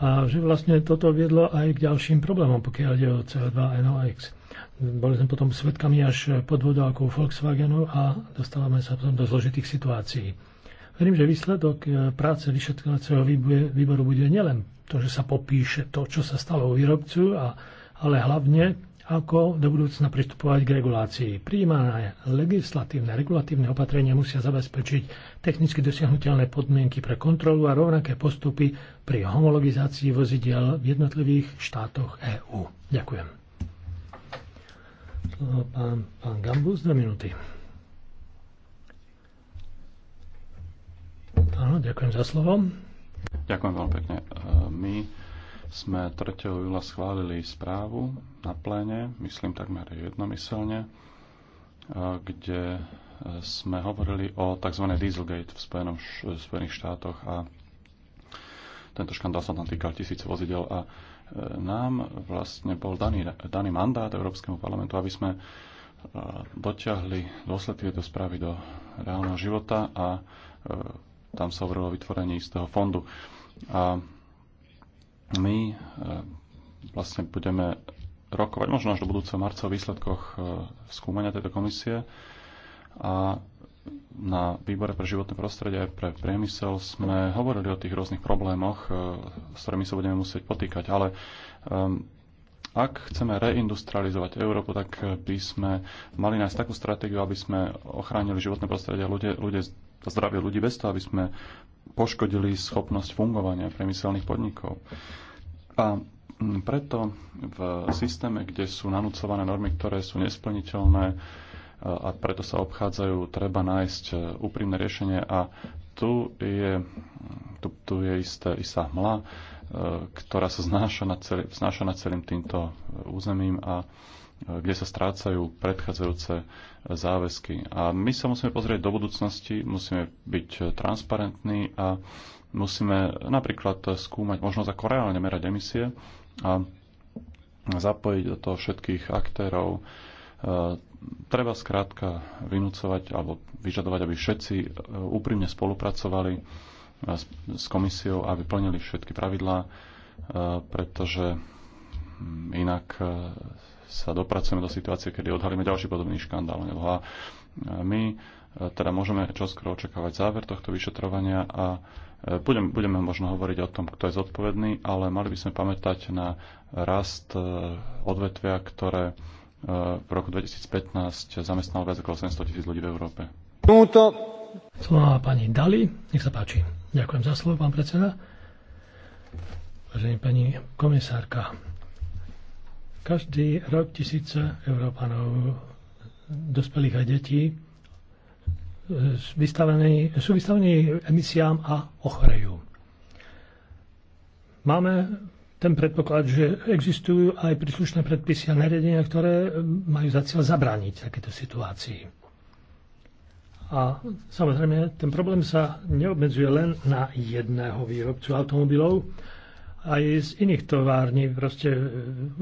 a že vlastne toto viedlo aj k ďalším problémom, pokiaľ ide o CO2 NOx. Boli sme potom svetkami až podvodov ako Volkswagenu a dostávame sa potom do zložitých situácií. Verím, že výsledok e, práce vyšetrovacieho výboru bude nielen to, že sa popíše to, čo sa stalo u výrobcu, a, ale hlavne, ako do budúcna pristupovať k regulácii. Príjmané legislatívne, regulatívne opatrenia musia zabezpečiť technicky dosiahnutelné podmienky pre kontrolu a rovnaké postupy pri homologizácii vozidiel v jednotlivých štátoch EÚ. Ďakujem. Pán, pán Gambus, dve minúty. Áno, ďakujem za slovo. Ďakujem veľmi pekne. E, my sme 3. júla schválili správu na pléne, myslím takmer jednomyselne, e, kde sme hovorili o tzv. Dieselgate v, v Spojených štátoch a tento škandál sa tam týkal tisíc vozidel a nám vlastne bol daný, daný mandát Európskemu parlamentu, aby sme e, dotiahli dôsledky tejto správy do reálneho života a e, tam sa hovorilo o vytvorení istého fondu. A my e, vlastne budeme rokovať možno až do budúceho marca o výsledkoch skúmania tejto komisie a na výbore pre životné prostredie aj pre priemysel sme hovorili o tých rôznych problémoch, e, s ktorými sa budeme musieť potýkať, ale um, ak chceme reindustrializovať Európu, tak by sme mali nájsť takú stratégiu, aby sme ochránili životné prostredie a ľudia, ľudia, zdravie ľudí bez toho, aby sme poškodili schopnosť fungovania priemyselných podnikov. A preto v systéme, kde sú nanúcované normy, ktoré sú nesplniteľné, a preto sa obchádzajú. Treba nájsť e, úprimné riešenie a tu je, tu, tu je isté, istá hmla, e, ktorá sa znáša nad, celý, znáša nad celým týmto územím a e, kde sa strácajú predchádzajúce záväzky. A my sa musíme pozrieť do budúcnosti, musíme byť transparentní a musíme napríklad skúmať možnosť ako reálne merať emisie a zapojiť do toho všetkých aktérov, E, treba skrátka vynúcovať alebo vyžadovať, aby všetci e, úprimne spolupracovali e, s komisiou, aby plnili všetky pravidlá, pretože mm, inak sa dopracujeme do situácie, kedy odhalíme ďalší podobný škandál. A my teda môžeme čoskoro očakávať záver tohto vyšetrovania a budem, budeme možno hovoriť o tom, kto je zodpovedný, ale mali by sme pamätať na rast odvetvia, ktoré v roku 2015 zamestnalo viac ako 800 tisíc ľudí v Európe. Túto. pani Dali, nech sa páči. Ďakujem za slovo, pán predseda. Vážení pani komisárka, každý rok tisíce Európanov, dospelých a detí, sú vystavení emisiám a ochorejú. Máme ten predpoklad, že existujú aj príslušné predpisy a nariadenia, ktoré majú za cieľ zabrániť takéto situácii. A samozrejme, ten problém sa neobmedzuje len na jedného výrobcu automobilov. Aj z iných tovární proste e,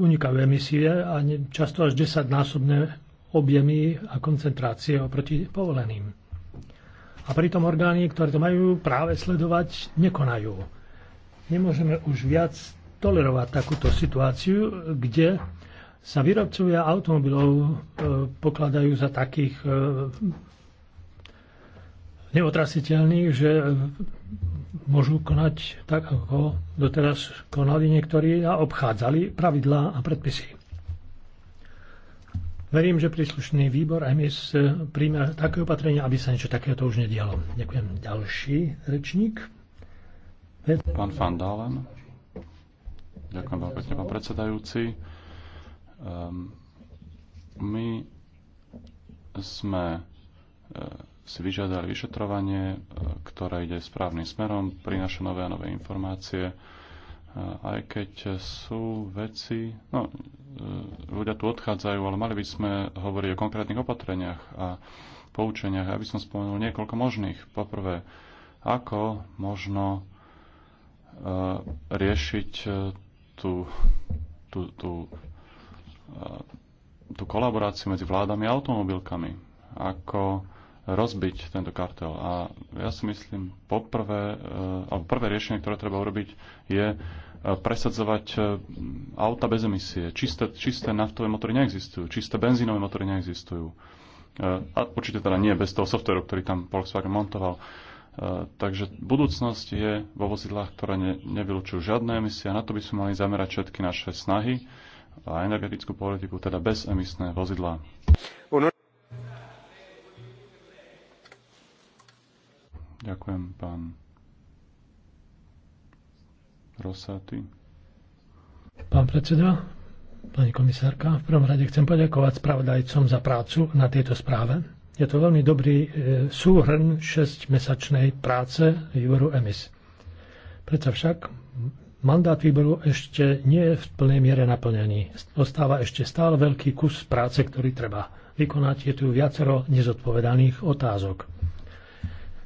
unikajú emisie a často až 10-násobné objemy a koncentrácie oproti povoleným. A pritom orgány, ktoré to majú práve sledovať, nekonajú. Nemôžeme už viac tolerovať takúto situáciu, kde sa výrobcovia automobilov e, pokladajú za takých e, neotrasiteľných, že môžu konať tak, ako doteraz konali niektorí a obchádzali pravidlá a predpisy. Verím, že príslušný výbor MIS príjme také opatrenie, aby sa niečo takéto už nedialo. Ďakujem. Ďalší rečník. Pán Van Dalen. Ďakujem veľmi pekne, pán predsedajúci. Um, my sme e, si vyžiadali vyšetrovanie, e, ktoré ide správnym smerom, prináša nové a nové informácie, e, aj keď sú veci, no, ľudia tu odchádzajú, ale mali by sme hovoriť o konkrétnych opatreniach a poučeniach. Aby som spomenul niekoľko možných. Poprvé, ako možno riešiť tú, tú, tú, eh, tú kolaboráciu medzi vládami a automobilkami, ako rozbiť tento kartel. A ja si myslím, poprvé, eh, alebo prvé riešenie, ktoré treba urobiť, je eh, presadzovať auta bez emisie. Čisté, čisté naftové motory neexistujú, čisté benzínové motory neexistujú. A určite teda nie bez toho softveru, ktorý tam Volkswagen montoval. E, takže budúcnosť je vo vozidlách, ktoré ne, nevylučujú žiadne emisie a na to by sme mali zamerať všetky naše snahy a energetickú politiku, teda bezemisné vozidlá. Ďakujem, pán Rosaty. Pán predseda, pani komisárka, v prvom rade chcem poďakovať spravodajcom za prácu na tejto správe. Je to veľmi dobrý e, súhrn 6-mesačnej práce výboru EMIS. Preto však mandát výboru ešte nie je v plnej miere naplnený. Ostáva ešte stále veľký kus práce, ktorý treba vykonať. Je tu viacero nezodpovedaných otázok.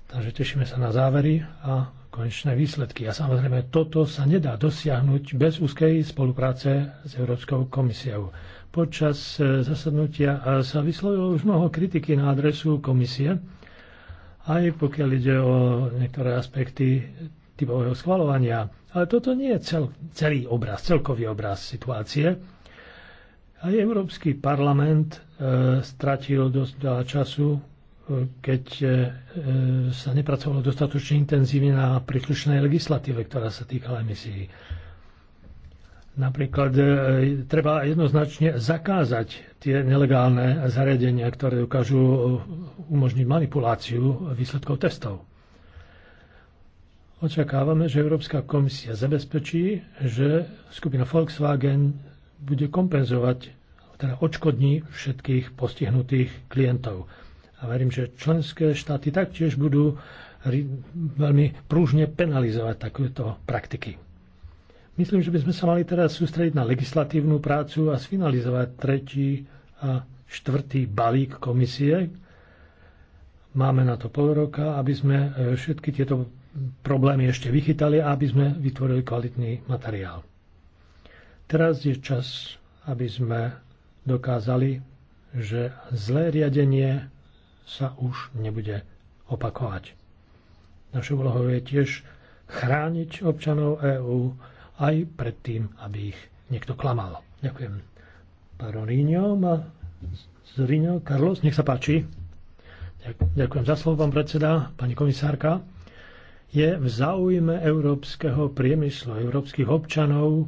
Takže tešíme sa na závery a konečné výsledky. A samozrejme, toto sa nedá dosiahnuť bez úzkej spolupráce s Európskou komisiou. Počas e, zasadnutia sa vyslovilo už mnoho kritiky na adresu komisie, aj pokiaľ ide o niektoré aspekty typového schvalovania. Ale toto nie je cel, celý obraz, celkový obraz situácie. Aj Európsky parlament e, stratil dosť veľa času, e, keď e, e sa nepracovalo dostatočne intenzívne na príslušnej legislatíve, ktorá sa týkala emisií. Napríklad e, treba jednoznačne zakázať tie nelegálne zariadenia, ktoré dokážu e, umožniť manipuláciu výsledkov testov. Očakávame, že Európska komisia zabezpečí, že skupina Volkswagen bude kompenzovať, teda odškodní všetkých postihnutých klientov. A verím, že členské štáty taktiež budú veľmi prúžne penalizovať takéto praktiky. Myslím, že by sme sa mali teraz sústrediť na legislatívnu prácu a sfinalizovať tretí a štvrtý balík komisie. Máme na to pol roka, aby sme e, všetky tieto problémy ešte vychytali a aby sme vytvorili kvalitný materiál. Teraz je čas, aby sme dokázali, že zlé riadenie sa už nebude opakovať. Našou úlohou je tiež chrániť občanov EÚ aj pred tým, aby ich niekto klamal. Ďakujem. Paroríňo má Zoríňo, Carlos, nech sa páči. Ďakujem za slovo, pán predseda, pani komisárka. Je v záujme európskeho priemyslu, európskych občanov,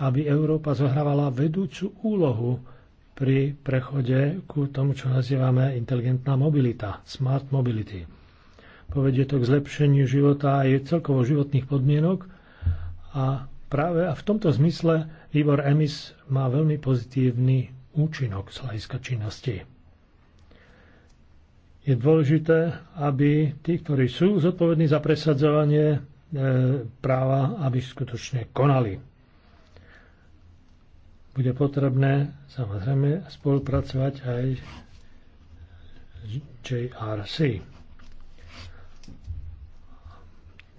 aby Európa zohrávala vedúcu úlohu pri prechode ku tomu, čo nazývame inteligentná mobilita, smart mobility. Povedie to k zlepšeniu života aj celkovo životných podmienok a Práve a v tomto zmysle výbor EMIS má veľmi pozitívny účinok z hľadiska činnosti. Je dôležité, aby tí, ktorí sú zodpovední za presadzovanie e, práva, aby skutočne konali. Bude potrebné samozrejme spolupracovať aj s JRC.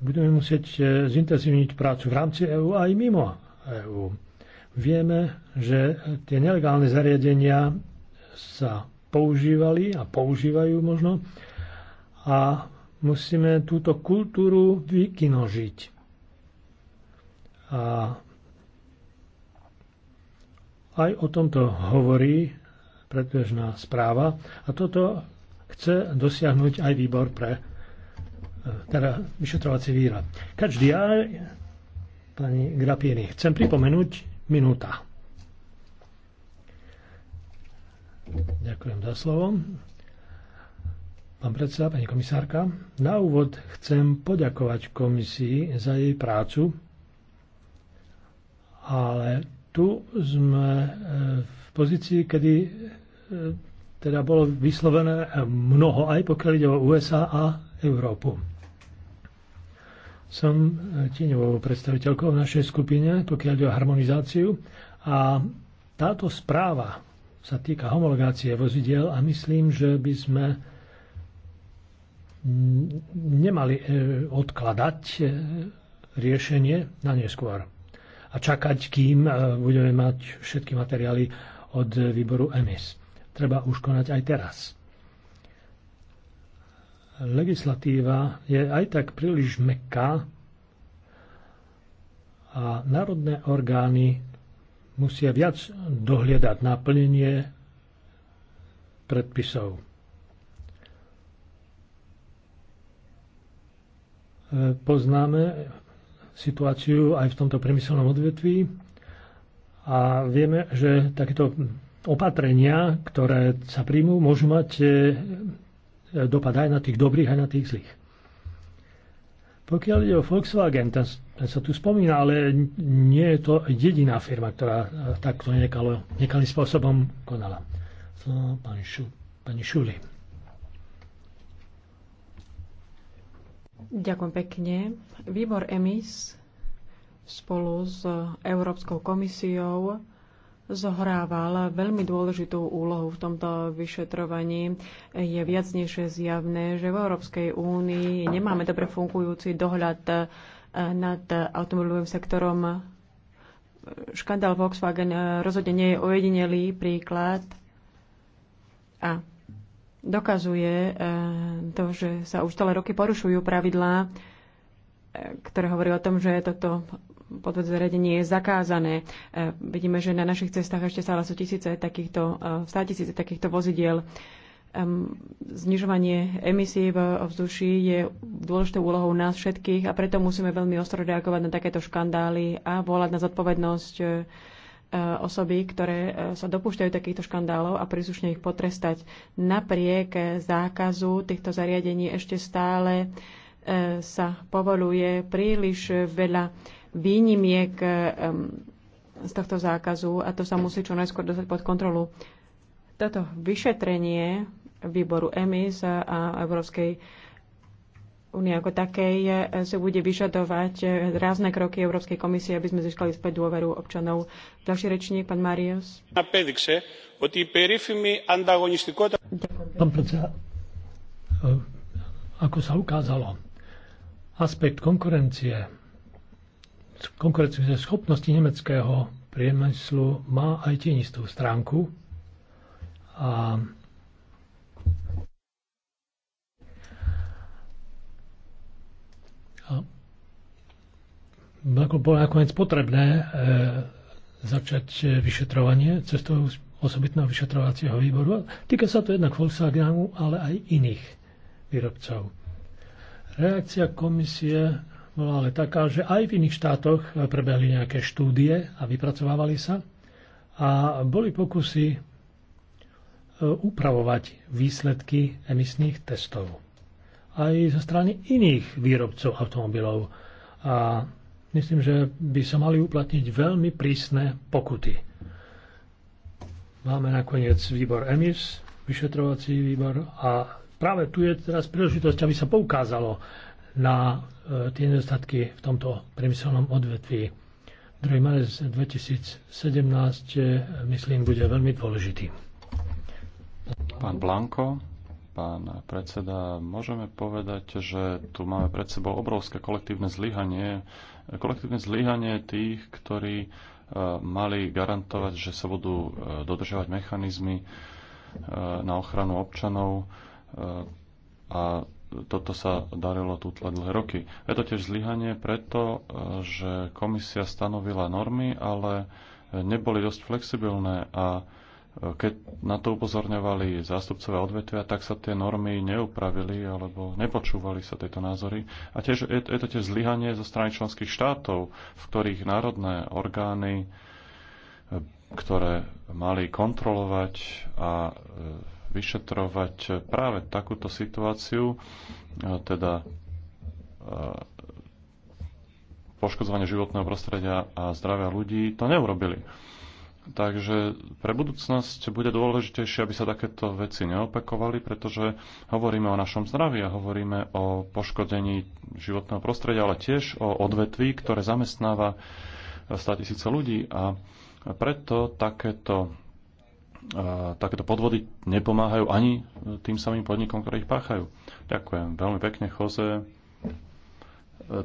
budeme musieť e, zintenzívniť prácu v rámci EÚ aj mimo EÚ. Vieme, že tie nelegálne zariadenia sa používali a používajú možno a musíme túto kultúru vykinožiť. A aj o tomto hovorí predbežná správa a toto chce dosiahnuť aj výbor pre teda vyšetrovací víra. Každý ja, pani Grapieny, chcem pripomenúť minúta. Ďakujem za slovo. Pán predseda, pani komisárka, na úvod chcem poďakovať komisii za jej prácu, ale tu sme e, v pozícii, kedy e, teda bolo vyslovené mnoho, aj pokiaľ ide o USA a Európu. Som eh, tieňovou predstaviteľkou v našej skupine, pokiaľ ide o harmonizáciu. A táto správa sa týka homologácie vozidiel a myslím, že by sme nemali eh, odkladať eh, riešenie na neskôr a čakať, kým budeme mať všetky materiály od výboru EMIS. Treba už konať aj teraz legislatíva je aj tak príliš meká a národné orgány musia viac dohliadať naplnenie predpisov. E, poznáme situáciu aj v tomto priemyselnom odvetví a vieme, že takéto opatrenia, ktoré sa príjmú, môžu mať e, dopad aj na tých dobrých, aj na tých zlých. Pokiaľ ide o Volkswagen, ten, ten sa tu spomína, ale nie je to jediná firma, ktorá e, takto nekalo, nekalým spôsobom konala. Slovo pani, Šu, pani Šuli. Ďakujem pekne. Výbor EMIS spolu s Európskou komisiou zohrával veľmi dôležitú úlohu v tomto vyšetrovaní. Je viac než zjavné, že v Európskej únii nemáme dobre fungujúci dohľad eh, nad automobilovým sektorom. Škandál Volkswagen eh, rozhodne nie je ojedinelý príklad a dokazuje eh, to, že sa už celé roky porušujú pravidlá, ktoré hovorí o tom, že toto podvod je zakázané. E, vidíme, že na našich cestách ešte stále sú tisíce takýchto, e, tisíce takýchto vozidiel. Znižovanie emisí v vzduši je dôležitou úlohou nás všetkých a preto musíme veľmi ostro reagovať na takéto škandály a volať na zodpovednosť e, osoby, ktoré sa dopúšťajú takýchto škandálov a príslušne ich potrestať. Napriek zákazu týchto zariadení ešte stále sa povoluje príliš veľa výnimiek z tohto zákazu a to sa musí čo najskôr dostať pod kontrolu. Toto vyšetrenie výboru EMIS a Európskej únie ako takej sa bude vyžadovať rázne kroky Európskej komisie, aby sme získali späť dôveru občanov. Ďalší rečník, pán Marius. Pán predseda, e, ako sa ukázalo, aspekt konkurencie konkurencie schopnosti nemeckého priemyslu má aj tienistú stránku. A ako bolo nakoniec potrebné e, začať vyšetrovanie cestou osobitného vyšetrovacieho výboru. Týka sa to jednak Volkswagenu, ale aj iných výrobcov. Reakcia komisie bola no, ale taká, že aj v iných štátoch prebehli nejaké štúdie a vypracovávali sa a boli pokusy e, upravovať výsledky emisných testov. Aj zo strany iných výrobcov automobilov. A myslím, že by sa mali uplatniť veľmi prísne pokuty. Máme nakoniec výbor EMIS, vyšetrovací výbor a práve tu je teraz príležitosť, aby sa poukázalo na e, tie nedostatky v tomto priemyselnom odvetví. Druhý marec 2017, e, myslím, bude veľmi dôležitý. Pán Blanko, pán predseda, môžeme povedať, že tu máme pred sebou obrovské kolektívne zlyhanie, kolektívne zlyhanie tých, ktorí e, mali garantovať, že sa budú dodržovať mechanizmy na ochranu občanov a toto sa darilo tu dlhé roky. Je to tiež zlyhanie preto, e, že komisia stanovila normy, ale neboli dosť flexibilné a e, keď na to upozorňovali zástupcové odvetvia, tak sa tie normy neupravili alebo nepočúvali sa tieto názory. A tiež, je, je to tiež zlyhanie zo strany členských štátov, v ktorých národné orgány, e, ktoré mali kontrolovať a vyšetrovať práve takúto situáciu, teda poškodzovanie životného prostredia a zdravia ľudí, to neurobili. Takže pre budúcnosť bude dôležitejšie, aby sa takéto veci neopakovali, pretože hovoríme o našom zdraví a hovoríme o poškodení životného prostredia, ale tiež o odvetví, ktoré zamestnáva 100 tisíce ľudí a preto takéto takéto podvody nepomáhajú ani tým samým podnikom, ktoré ich páchajú. Ďakujem veľmi pekne, Jose. E,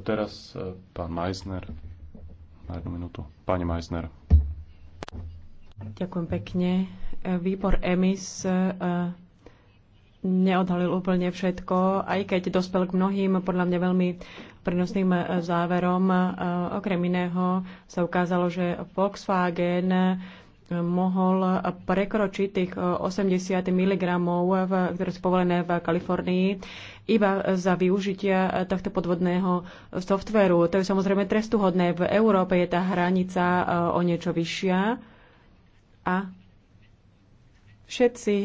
teraz e, pán Meissner. Na jednu minútu. Pani Meissner. Ďakujem pekne. E, výbor EMIS neodhalil úplne všetko, aj keď dospel k mnohým podľa mňa veľmi prenosným záverom. Okrem iného sa ukázalo, že Volkswagen mohol prekročiť tých 80 e, mg, e, ktoré sú povolené v Kalifornii, iba za využitia e, tohto podvodného softveru. To je samozrejme trestuhodné. V Európe je tá hranica o niečo vyššia a všetci,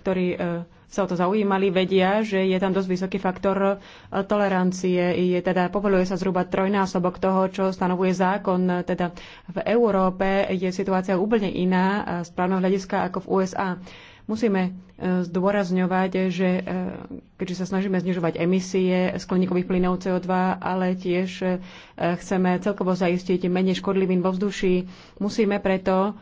ktorí sa o to zaujímali, vedia, že je tam dosť vysoký faktor e, tolerancie. Je teda, povoluje sa zhruba trojnásobok toho, čo stanovuje zákon. Teda v Európe je situácia úplne iná e, z právneho hľadiska ako v USA. Musíme e, zdôrazňovať, že keďže sa snažíme znižovať emisie skleníkových plynov CO2, ale tiež chceme celkovo zaistiť menej škodlivým vo vzduší, musíme preto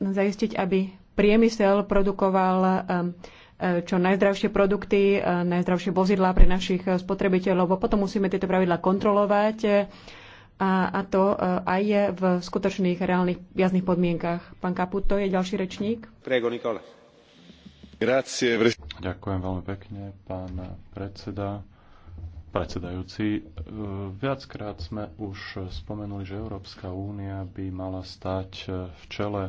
zaistiť, aby priemysel produkoval um, uh, čo najzdravšie produkty, uh, najzdravšie vozidlá pre našich uh, spotrebiteľov. Potom musíme tieto pravidlá kontrolovať a, a to aj je v skutočných reálnych jazdných podmienkach. Pán Kaputo je ďalší rečník. Prego, Nikola. Ďakujem veľmi pekne, pán predseda predsedajúci. E, viackrát sme už spomenuli, že Európska únia by mala stať e, v čele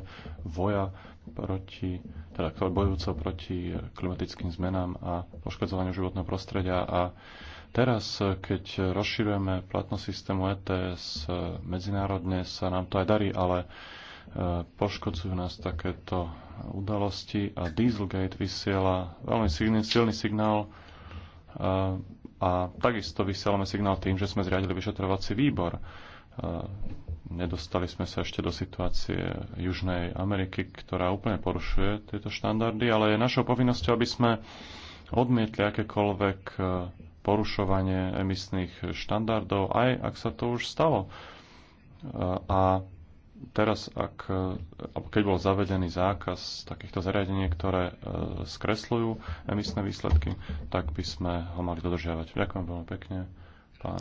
voja proti, teda bojúco proti klimatickým zmenám a poškodzovaniu životného prostredia a Teraz, keď rozširujeme platnosť systému ETS e, medzinárodne, sa nám to aj darí, ale poškodzujú nás takéto udalosti a Dieselgate vysiela veľmi silný, silný signál a takisto vysielame signál tým, že sme zriadili vyšetrovací výbor. E, nedostali sme sa ešte do situácie Južnej Ameriky, ktorá úplne porušuje tieto štandardy, ale je našou povinnosťou, aby sme odmietli akékoľvek e, porušovanie emisných štandardov, aj ak sa to už stalo. E, a teraz, ak, e, keď bol zavedený zákaz takýchto zariadení, ktoré e, skresľujú emisné výsledky, tak by sme ho mali dodržiavať. Ďakujem veľmi pekne. Pán.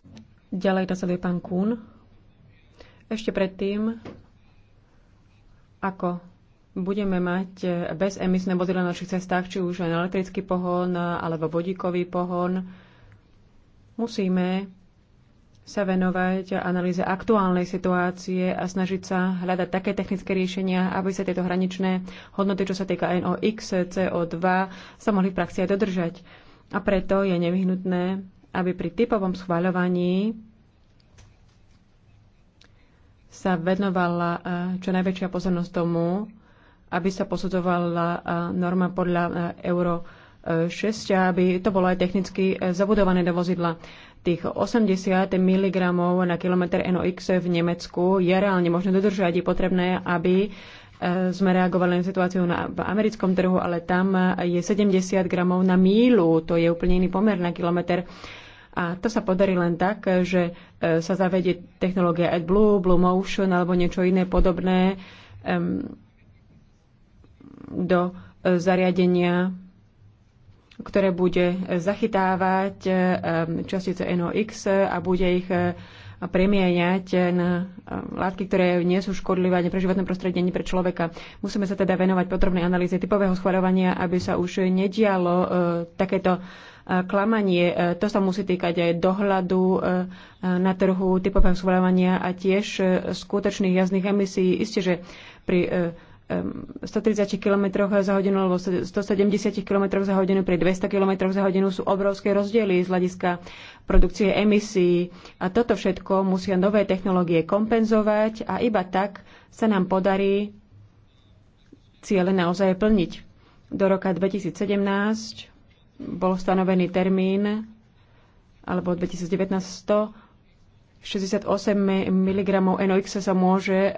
Ďalej vie pán Kún. Ešte predtým, ako budeme mať e, bezemisné vozidla na našich cestách, či už na elektrický pohon alebo vodíkový pohon, musíme sa venovať analýze aktuálnej situácie a snažiť sa hľadať také technické riešenia, aby sa tieto hraničné hodnoty, čo sa týka NOx, CO2, sa mohli v praxi aj dodržať. A preto je nevyhnutné, aby pri typovom schváľovaní sa venovala eh, čo najväčšia pozornosť tomu, aby sa posudzovala eh, norma podľa eh, euro 6, aby to bolo aj technicky zabudované do vozidla. Tých 80 mg na kilometr NOx v Nemecku je reálne možné dodržať. Je potrebné, aby e, sme reagovali na situáciu na, v americkom trhu, ale tam je 70 gramov na mílu, to je úplne iný pomer na kilometr. A to sa podarí len tak, že e, sa zavedie technológia AdBlue, Blue Motion alebo niečo iné podobné um, do e, zariadenia ktoré bude eh, zachytávať eh, častice NOx eh, a bude ich premieňať na látky, ktoré nie sú škodlivé ani pre životné prostredie, ani pre človeka. Musíme sa teda venovať potrebnej analýze typového schvaľovania, aby sa už nedialo takéto klamanie. To sa musí týkať aj dohľadu na trhu typového schvaľovania a tiež skutočných jazdných emisí. Isté, že pri 130 km za hodinu alebo 170 km za hodinu pri 200 km za hodinu sú obrovské rozdiely z hľadiska produkcie emisí a toto všetko musia nové technológie kompenzovať a iba tak sa nám podarí ciele naozaj plniť. Do roka 2017 bol stanovený termín alebo 2019 100 68 mg NOx sa môže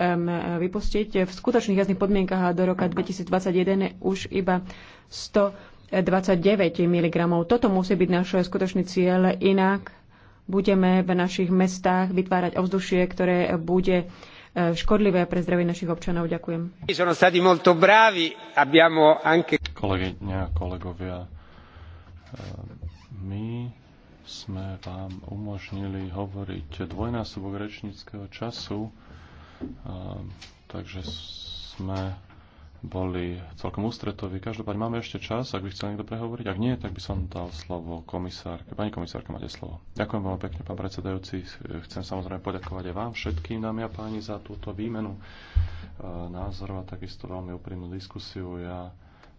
vypustiť v skutočných jazdných podmienkach a do roka 2021 už iba 129 mg. Toto musí byť náš skutočný cieľ, inak budeme v našich mestách vytvárať ovzdušie, ktoré bude eh, škodlivé pre zdravie našich občanov. Ďakujem. Kolegyňa, kolegovia, eh, my sme vám umožnili hovoriť dvojnásobok rečníckého času, ehm, takže sme boli celkom ústretoví. Každopádne máme ešte čas, ak by chcel niekto prehovoriť. Ak nie, tak by som dal slovo komisárke. Pani komisárka, máte slovo. Ďakujem veľmi pekne, pán predsedajúci. Chcem samozrejme poďakovať aj vám všetkým, dámy a páni, za túto výmenu ehm, názorov a takisto veľmi úprimnú diskusiu. Ja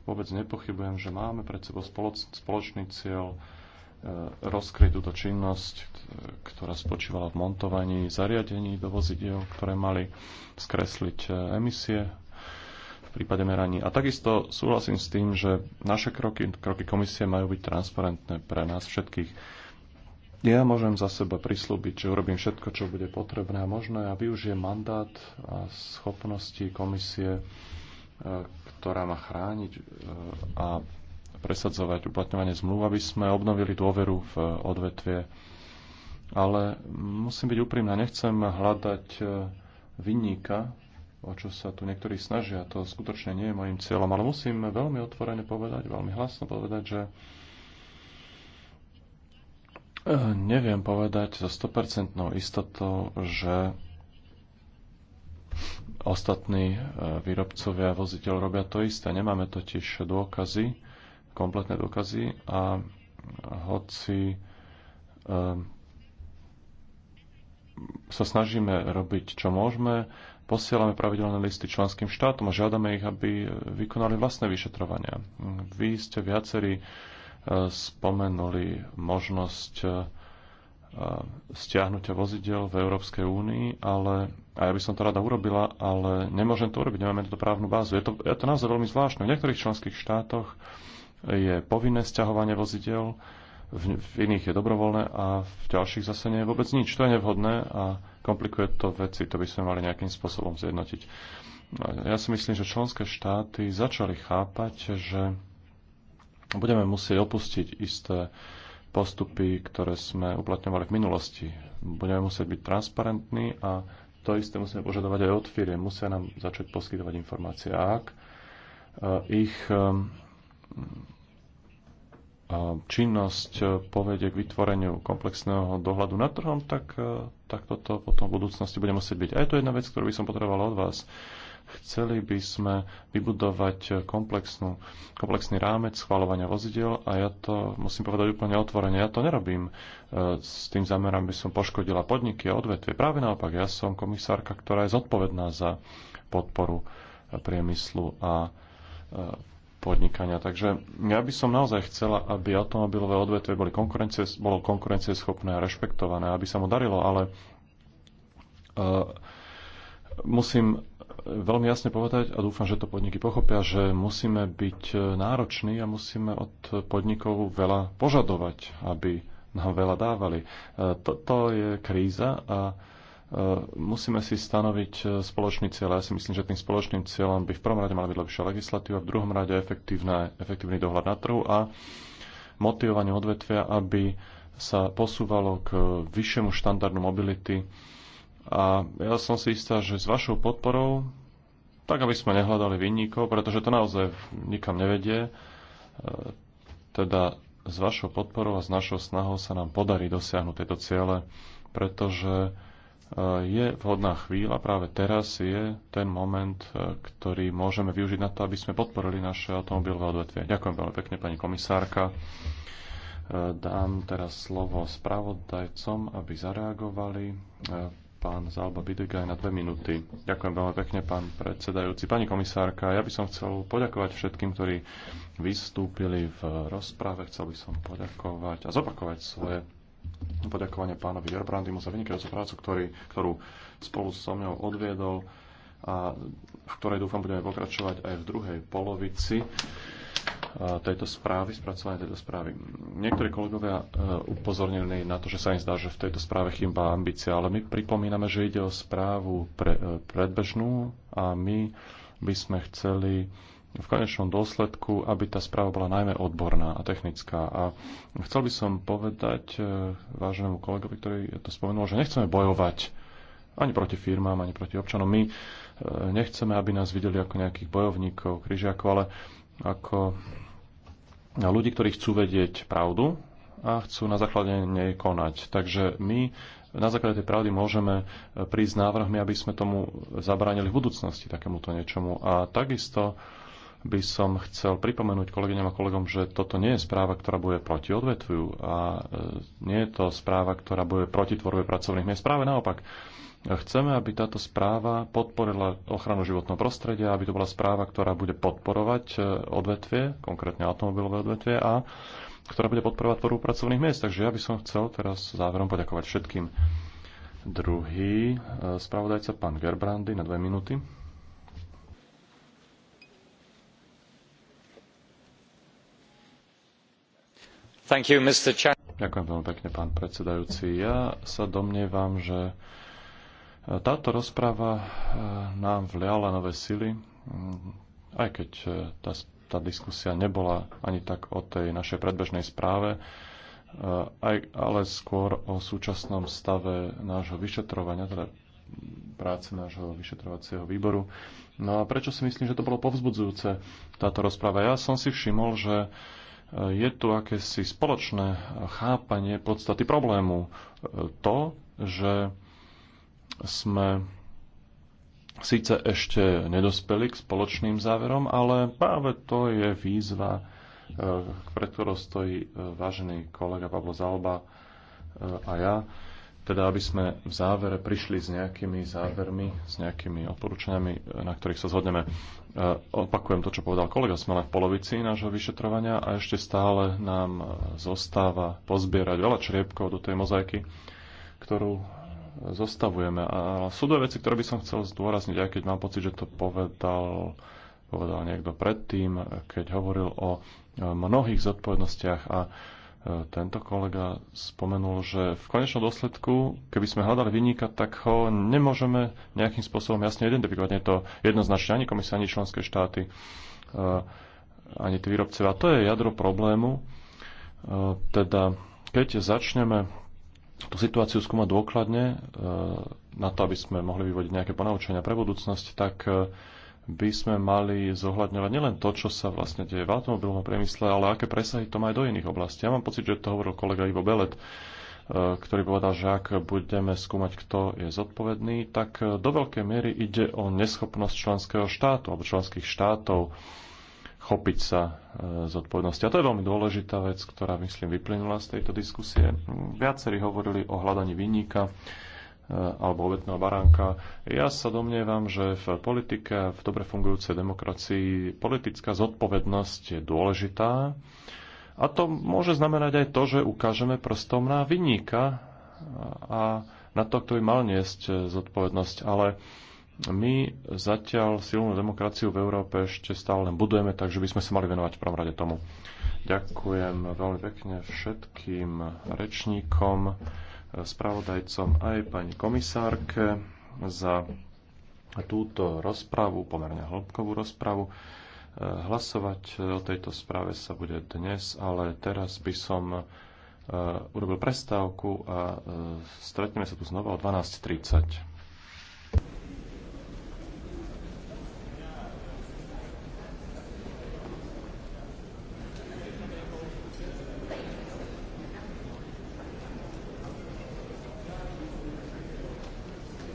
vôbec nepochybujem, že máme pred sebou spoločný cieľ rozkryť túto činnosť, ktorá spočívala v montovaní zariadení do vozidiel, ktoré mali skresliť e, emisie v prípade meraní. A takisto súhlasím s tým, že naše kroky, kroky komisie majú byť transparentné pre nás všetkých. Ja môžem za seba prislúbiť, že urobím všetko, čo bude potrebné a možné a využijem mandát a schopnosti komisie, e, ktorá má chrániť e, a presadzovať uplatňovanie zmluv, aby sme obnovili dôveru v odvetvie. Ale musím byť úprimná, nechcem hľadať e, vinníka, o čo sa tu niektorí snažia. To skutočne nie je môjim cieľom, ale musím veľmi otvorene povedať, veľmi hlasno povedať, že e, Neviem povedať so 100% istotou, že ostatní e, výrobcovia voziteľ robia to isté. Nemáme totiž dôkazy kompletné dôkazy a hoci ehm, sa snažíme robiť, čo môžeme, posielame pravidelné listy členským štátom a žiadame ich, aby vykonali vlastné vyšetrovania. Vy ste viacerí e, spomenuli možnosť e, stiahnutia vozidel v Európskej únii, ale a ja by som to rada urobila, ale nemôžem to urobiť, nemáme túto právnu bázu. Je to, je to naozaj veľmi zvláštne. V niektorých členských štátoch je povinné sťahovanie vozidel, v, v iných je dobrovoľné a v ďalších zase nie je vôbec nič. To je nevhodné a komplikuje to veci. To by sme mali nejakým spôsobom zjednotiť. No, ja si myslím, že členské štáty začali chápať, že budeme musieť opustiť isté postupy, ktoré sme uplatňovali v minulosti. Budeme musieť byť transparentní a to isté musíme požadovať aj od firiem. Musia nám začať poskytovať informácie. ak eh, ich eh, činnosť e, povedie k vytvoreniu komplexného dohľadu nad trhom, tak, e, tak toto potom v budúcnosti bude musieť byť. A je to jedna vec, ktorú by som potreboval od vás. Chceli by sme vybudovať e, komplexnú, komplexný rámec schvalovania vozidel a ja to musím povedať úplne otvorene. Ja to nerobím s tým zamerom, by som poškodila podniky a odvetvie. Práve naopak, ja som komisárka, ktorá je zodpovedná za podporu priemyslu a podnikania. Takže ja by som naozaj chcela, aby automobilové odvetvie boli konkurencie, bolo konkurencieschopné a rešpektované, aby sa mu darilo, ale uh, musím veľmi jasne povedať a dúfam, že to podniky pochopia, že musíme byť e, nároční a musíme od podnikov veľa požadovať, aby nám veľa dávali. Toto e, je kríza a Eh, musíme si stanoviť eh, spoločný cieľ. Ja si myslím, že tým spoločným cieľom by v prvom rade mala byť lepšia legislatíva, v druhom rade efektívny dohľad na trhu a motivovanie odvetvia, aby sa posúvalo k eh, vyššiemu štandardu mobility. A ja som si istá, že s vašou podporou, tak aby sme nehľadali vinníkov, pretože to naozaj nikam nevedie, teda s vašou podporou a s našou snahou sa nám podarí dosiahnuť tieto ciele, pretože Eh, je vhodná chvíľa, práve teraz je ten moment, eh, ktorý môžeme využiť na to, aby sme podporili naše automobilové odvetvie. Ďakujem veľmi pekne, pani komisárka. Eh, dám teraz slovo spravodajcom, aby zareagovali. Pán Zalba Bidegaj na dve minúty. Ďakujem veľmi pekne, pán predsedajúci. Pani komisárka, ja by som chcel poďakovať všetkým, ktorí vystúpili v rozprave. Chcel by som poďakovať a zopakovať svoje poďakovanie pánovi Gerbrandimu za vynikajúcu prácu, ktorý, ktorú spolu so mnou odviedol a v ktorej dúfam budeme pokračovať aj v druhej polovici e, tejto správy, spracovanie tejto správy. Niektorí kolegovia e, upozornili na to, že sa im zdá, že v tejto správe chýba ambícia, ale my pripomíname, že ide o správu pre, e, predbežnú a my by sme chceli v konečnom dôsledku, aby tá správa bola najmä odborná a technická. A chcel by som povedať e, váženému kolegovi, ktorý to spomenul, že nechceme bojovať ani proti firmám, ani proti občanom. My e, nechceme, aby nás videli ako nejakých bojovníkov, kryžiakov, ale ako e, ľudí, ktorí chcú vedieť pravdu a chcú na základe nej konať. Takže my na základe tej pravdy môžeme prísť s návrhmi, aby sme tomu zabránili v budúcnosti takémuto niečomu. A takisto by som chcel pripomenúť kolegyňam a kolegom, že toto nie je správa, ktorá bude proti odvetviu a e, nie je to správa, ktorá bude proti tvorbe pracovných miest. Práve naopak, chceme, aby táto správa podporila ochranu životného prostredia, aby to bola správa, ktorá bude podporovať e, odvetvie, konkrétne automobilové odvetvie a ktorá bude podporovať tvorbu pracovných miest. Takže ja by som chcel teraz záverom poďakovať všetkým. Druhý e, spravodajca, pán Gerbrandy, na dve minúty. You, Ďakujem veľmi pekne, pán predsedajúci. Ja sa domnievam, že táto rozpráva eh, nám vliala nové sily, mm, aj keď eh, tá, tá diskusia nebola ani tak o tej našej predbežnej správe, eh, aj, ale skôr o súčasnom stave nášho vyšetrovania, teda práce nášho vyšetrovacieho výboru. No a prečo si myslím, že to bolo povzbudzujúce, táto rozpráva? Ja som si všimol, že uh, je tu akési spoločné chápanie podstaty problému. To, že sme síce ešte nedospeli k spoločným záverom, ale práve to je výzva, e, pre ktorou stojí e, vážený kolega Pablo Zalba e, a ja, teda aby sme v závere prišli s nejakými závermi, s nejakými odporúčaniami, na ktorých sa zhodneme. Opakujem to, čo povedal kolega, sme len v polovici nášho vyšetrovania a ešte stále nám zostáva pozbierať veľa čriepkov do tej mozaiky, ktorú zostavujeme. A sú dve veci, ktoré by som chcel zdôrazniť, aj keď mám pocit, že to povedal, povedal niekto predtým, keď hovoril o mnohých zodpovednostiach a tento kolega spomenul, že v konečnom dôsledku, keby sme hľadali vynika, tak ho nemôžeme nejakým spôsobom jasne identifikovať. Nie je to jednoznačne ani komisia, ani členské štáty, e, ani tí A To je jadro problému. E, teda, keď začneme tú situáciu skúmať dôkladne, e, na to, aby sme mohli vyvodiť nejaké ponaučenia pre budúcnosť, tak by sme mali zohľadňovať nielen to, čo sa vlastne deje v automobilnom priemysle, ale aké presahy to má aj do iných oblastí. Ja mám pocit, že to hovoril kolega Ivo Belet, e, ktorý povedal, že ak budeme skúmať, kto je zodpovedný, tak e, do veľkej miery ide o neschopnosť členského štátu alebo členských štátov chopiť sa e, zodpovednosti. A to je veľmi dôležitá vec, ktorá, myslím, vyplynula z tejto diskusie. Viacerí hovorili o hľadaní vinníka. Eh, alebo obetného baránka. Ja sa domnievam, že v politike, v dobre fungujúcej demokracii, politická zodpovednosť je dôležitá. A to môže znamenať aj to, že ukážeme prstom na vinníka a na to, kto by mal niesť eh, zodpovednosť. Ale my zatiaľ silnú demokraciu v Európe ešte stále budujeme, takže by sme sa mali venovať v prvom rade tomu. Ďakujem veľmi pekne všetkým rečníkom spravodajcom aj pani komisárke za túto rozpravu, pomerne hĺbkovú rozpravu. Eh, hlasovať eh, o tejto správe sa bude dnes, ale teraz by som eh, urobil prestávku a stretneme sa tu znova o 12.30.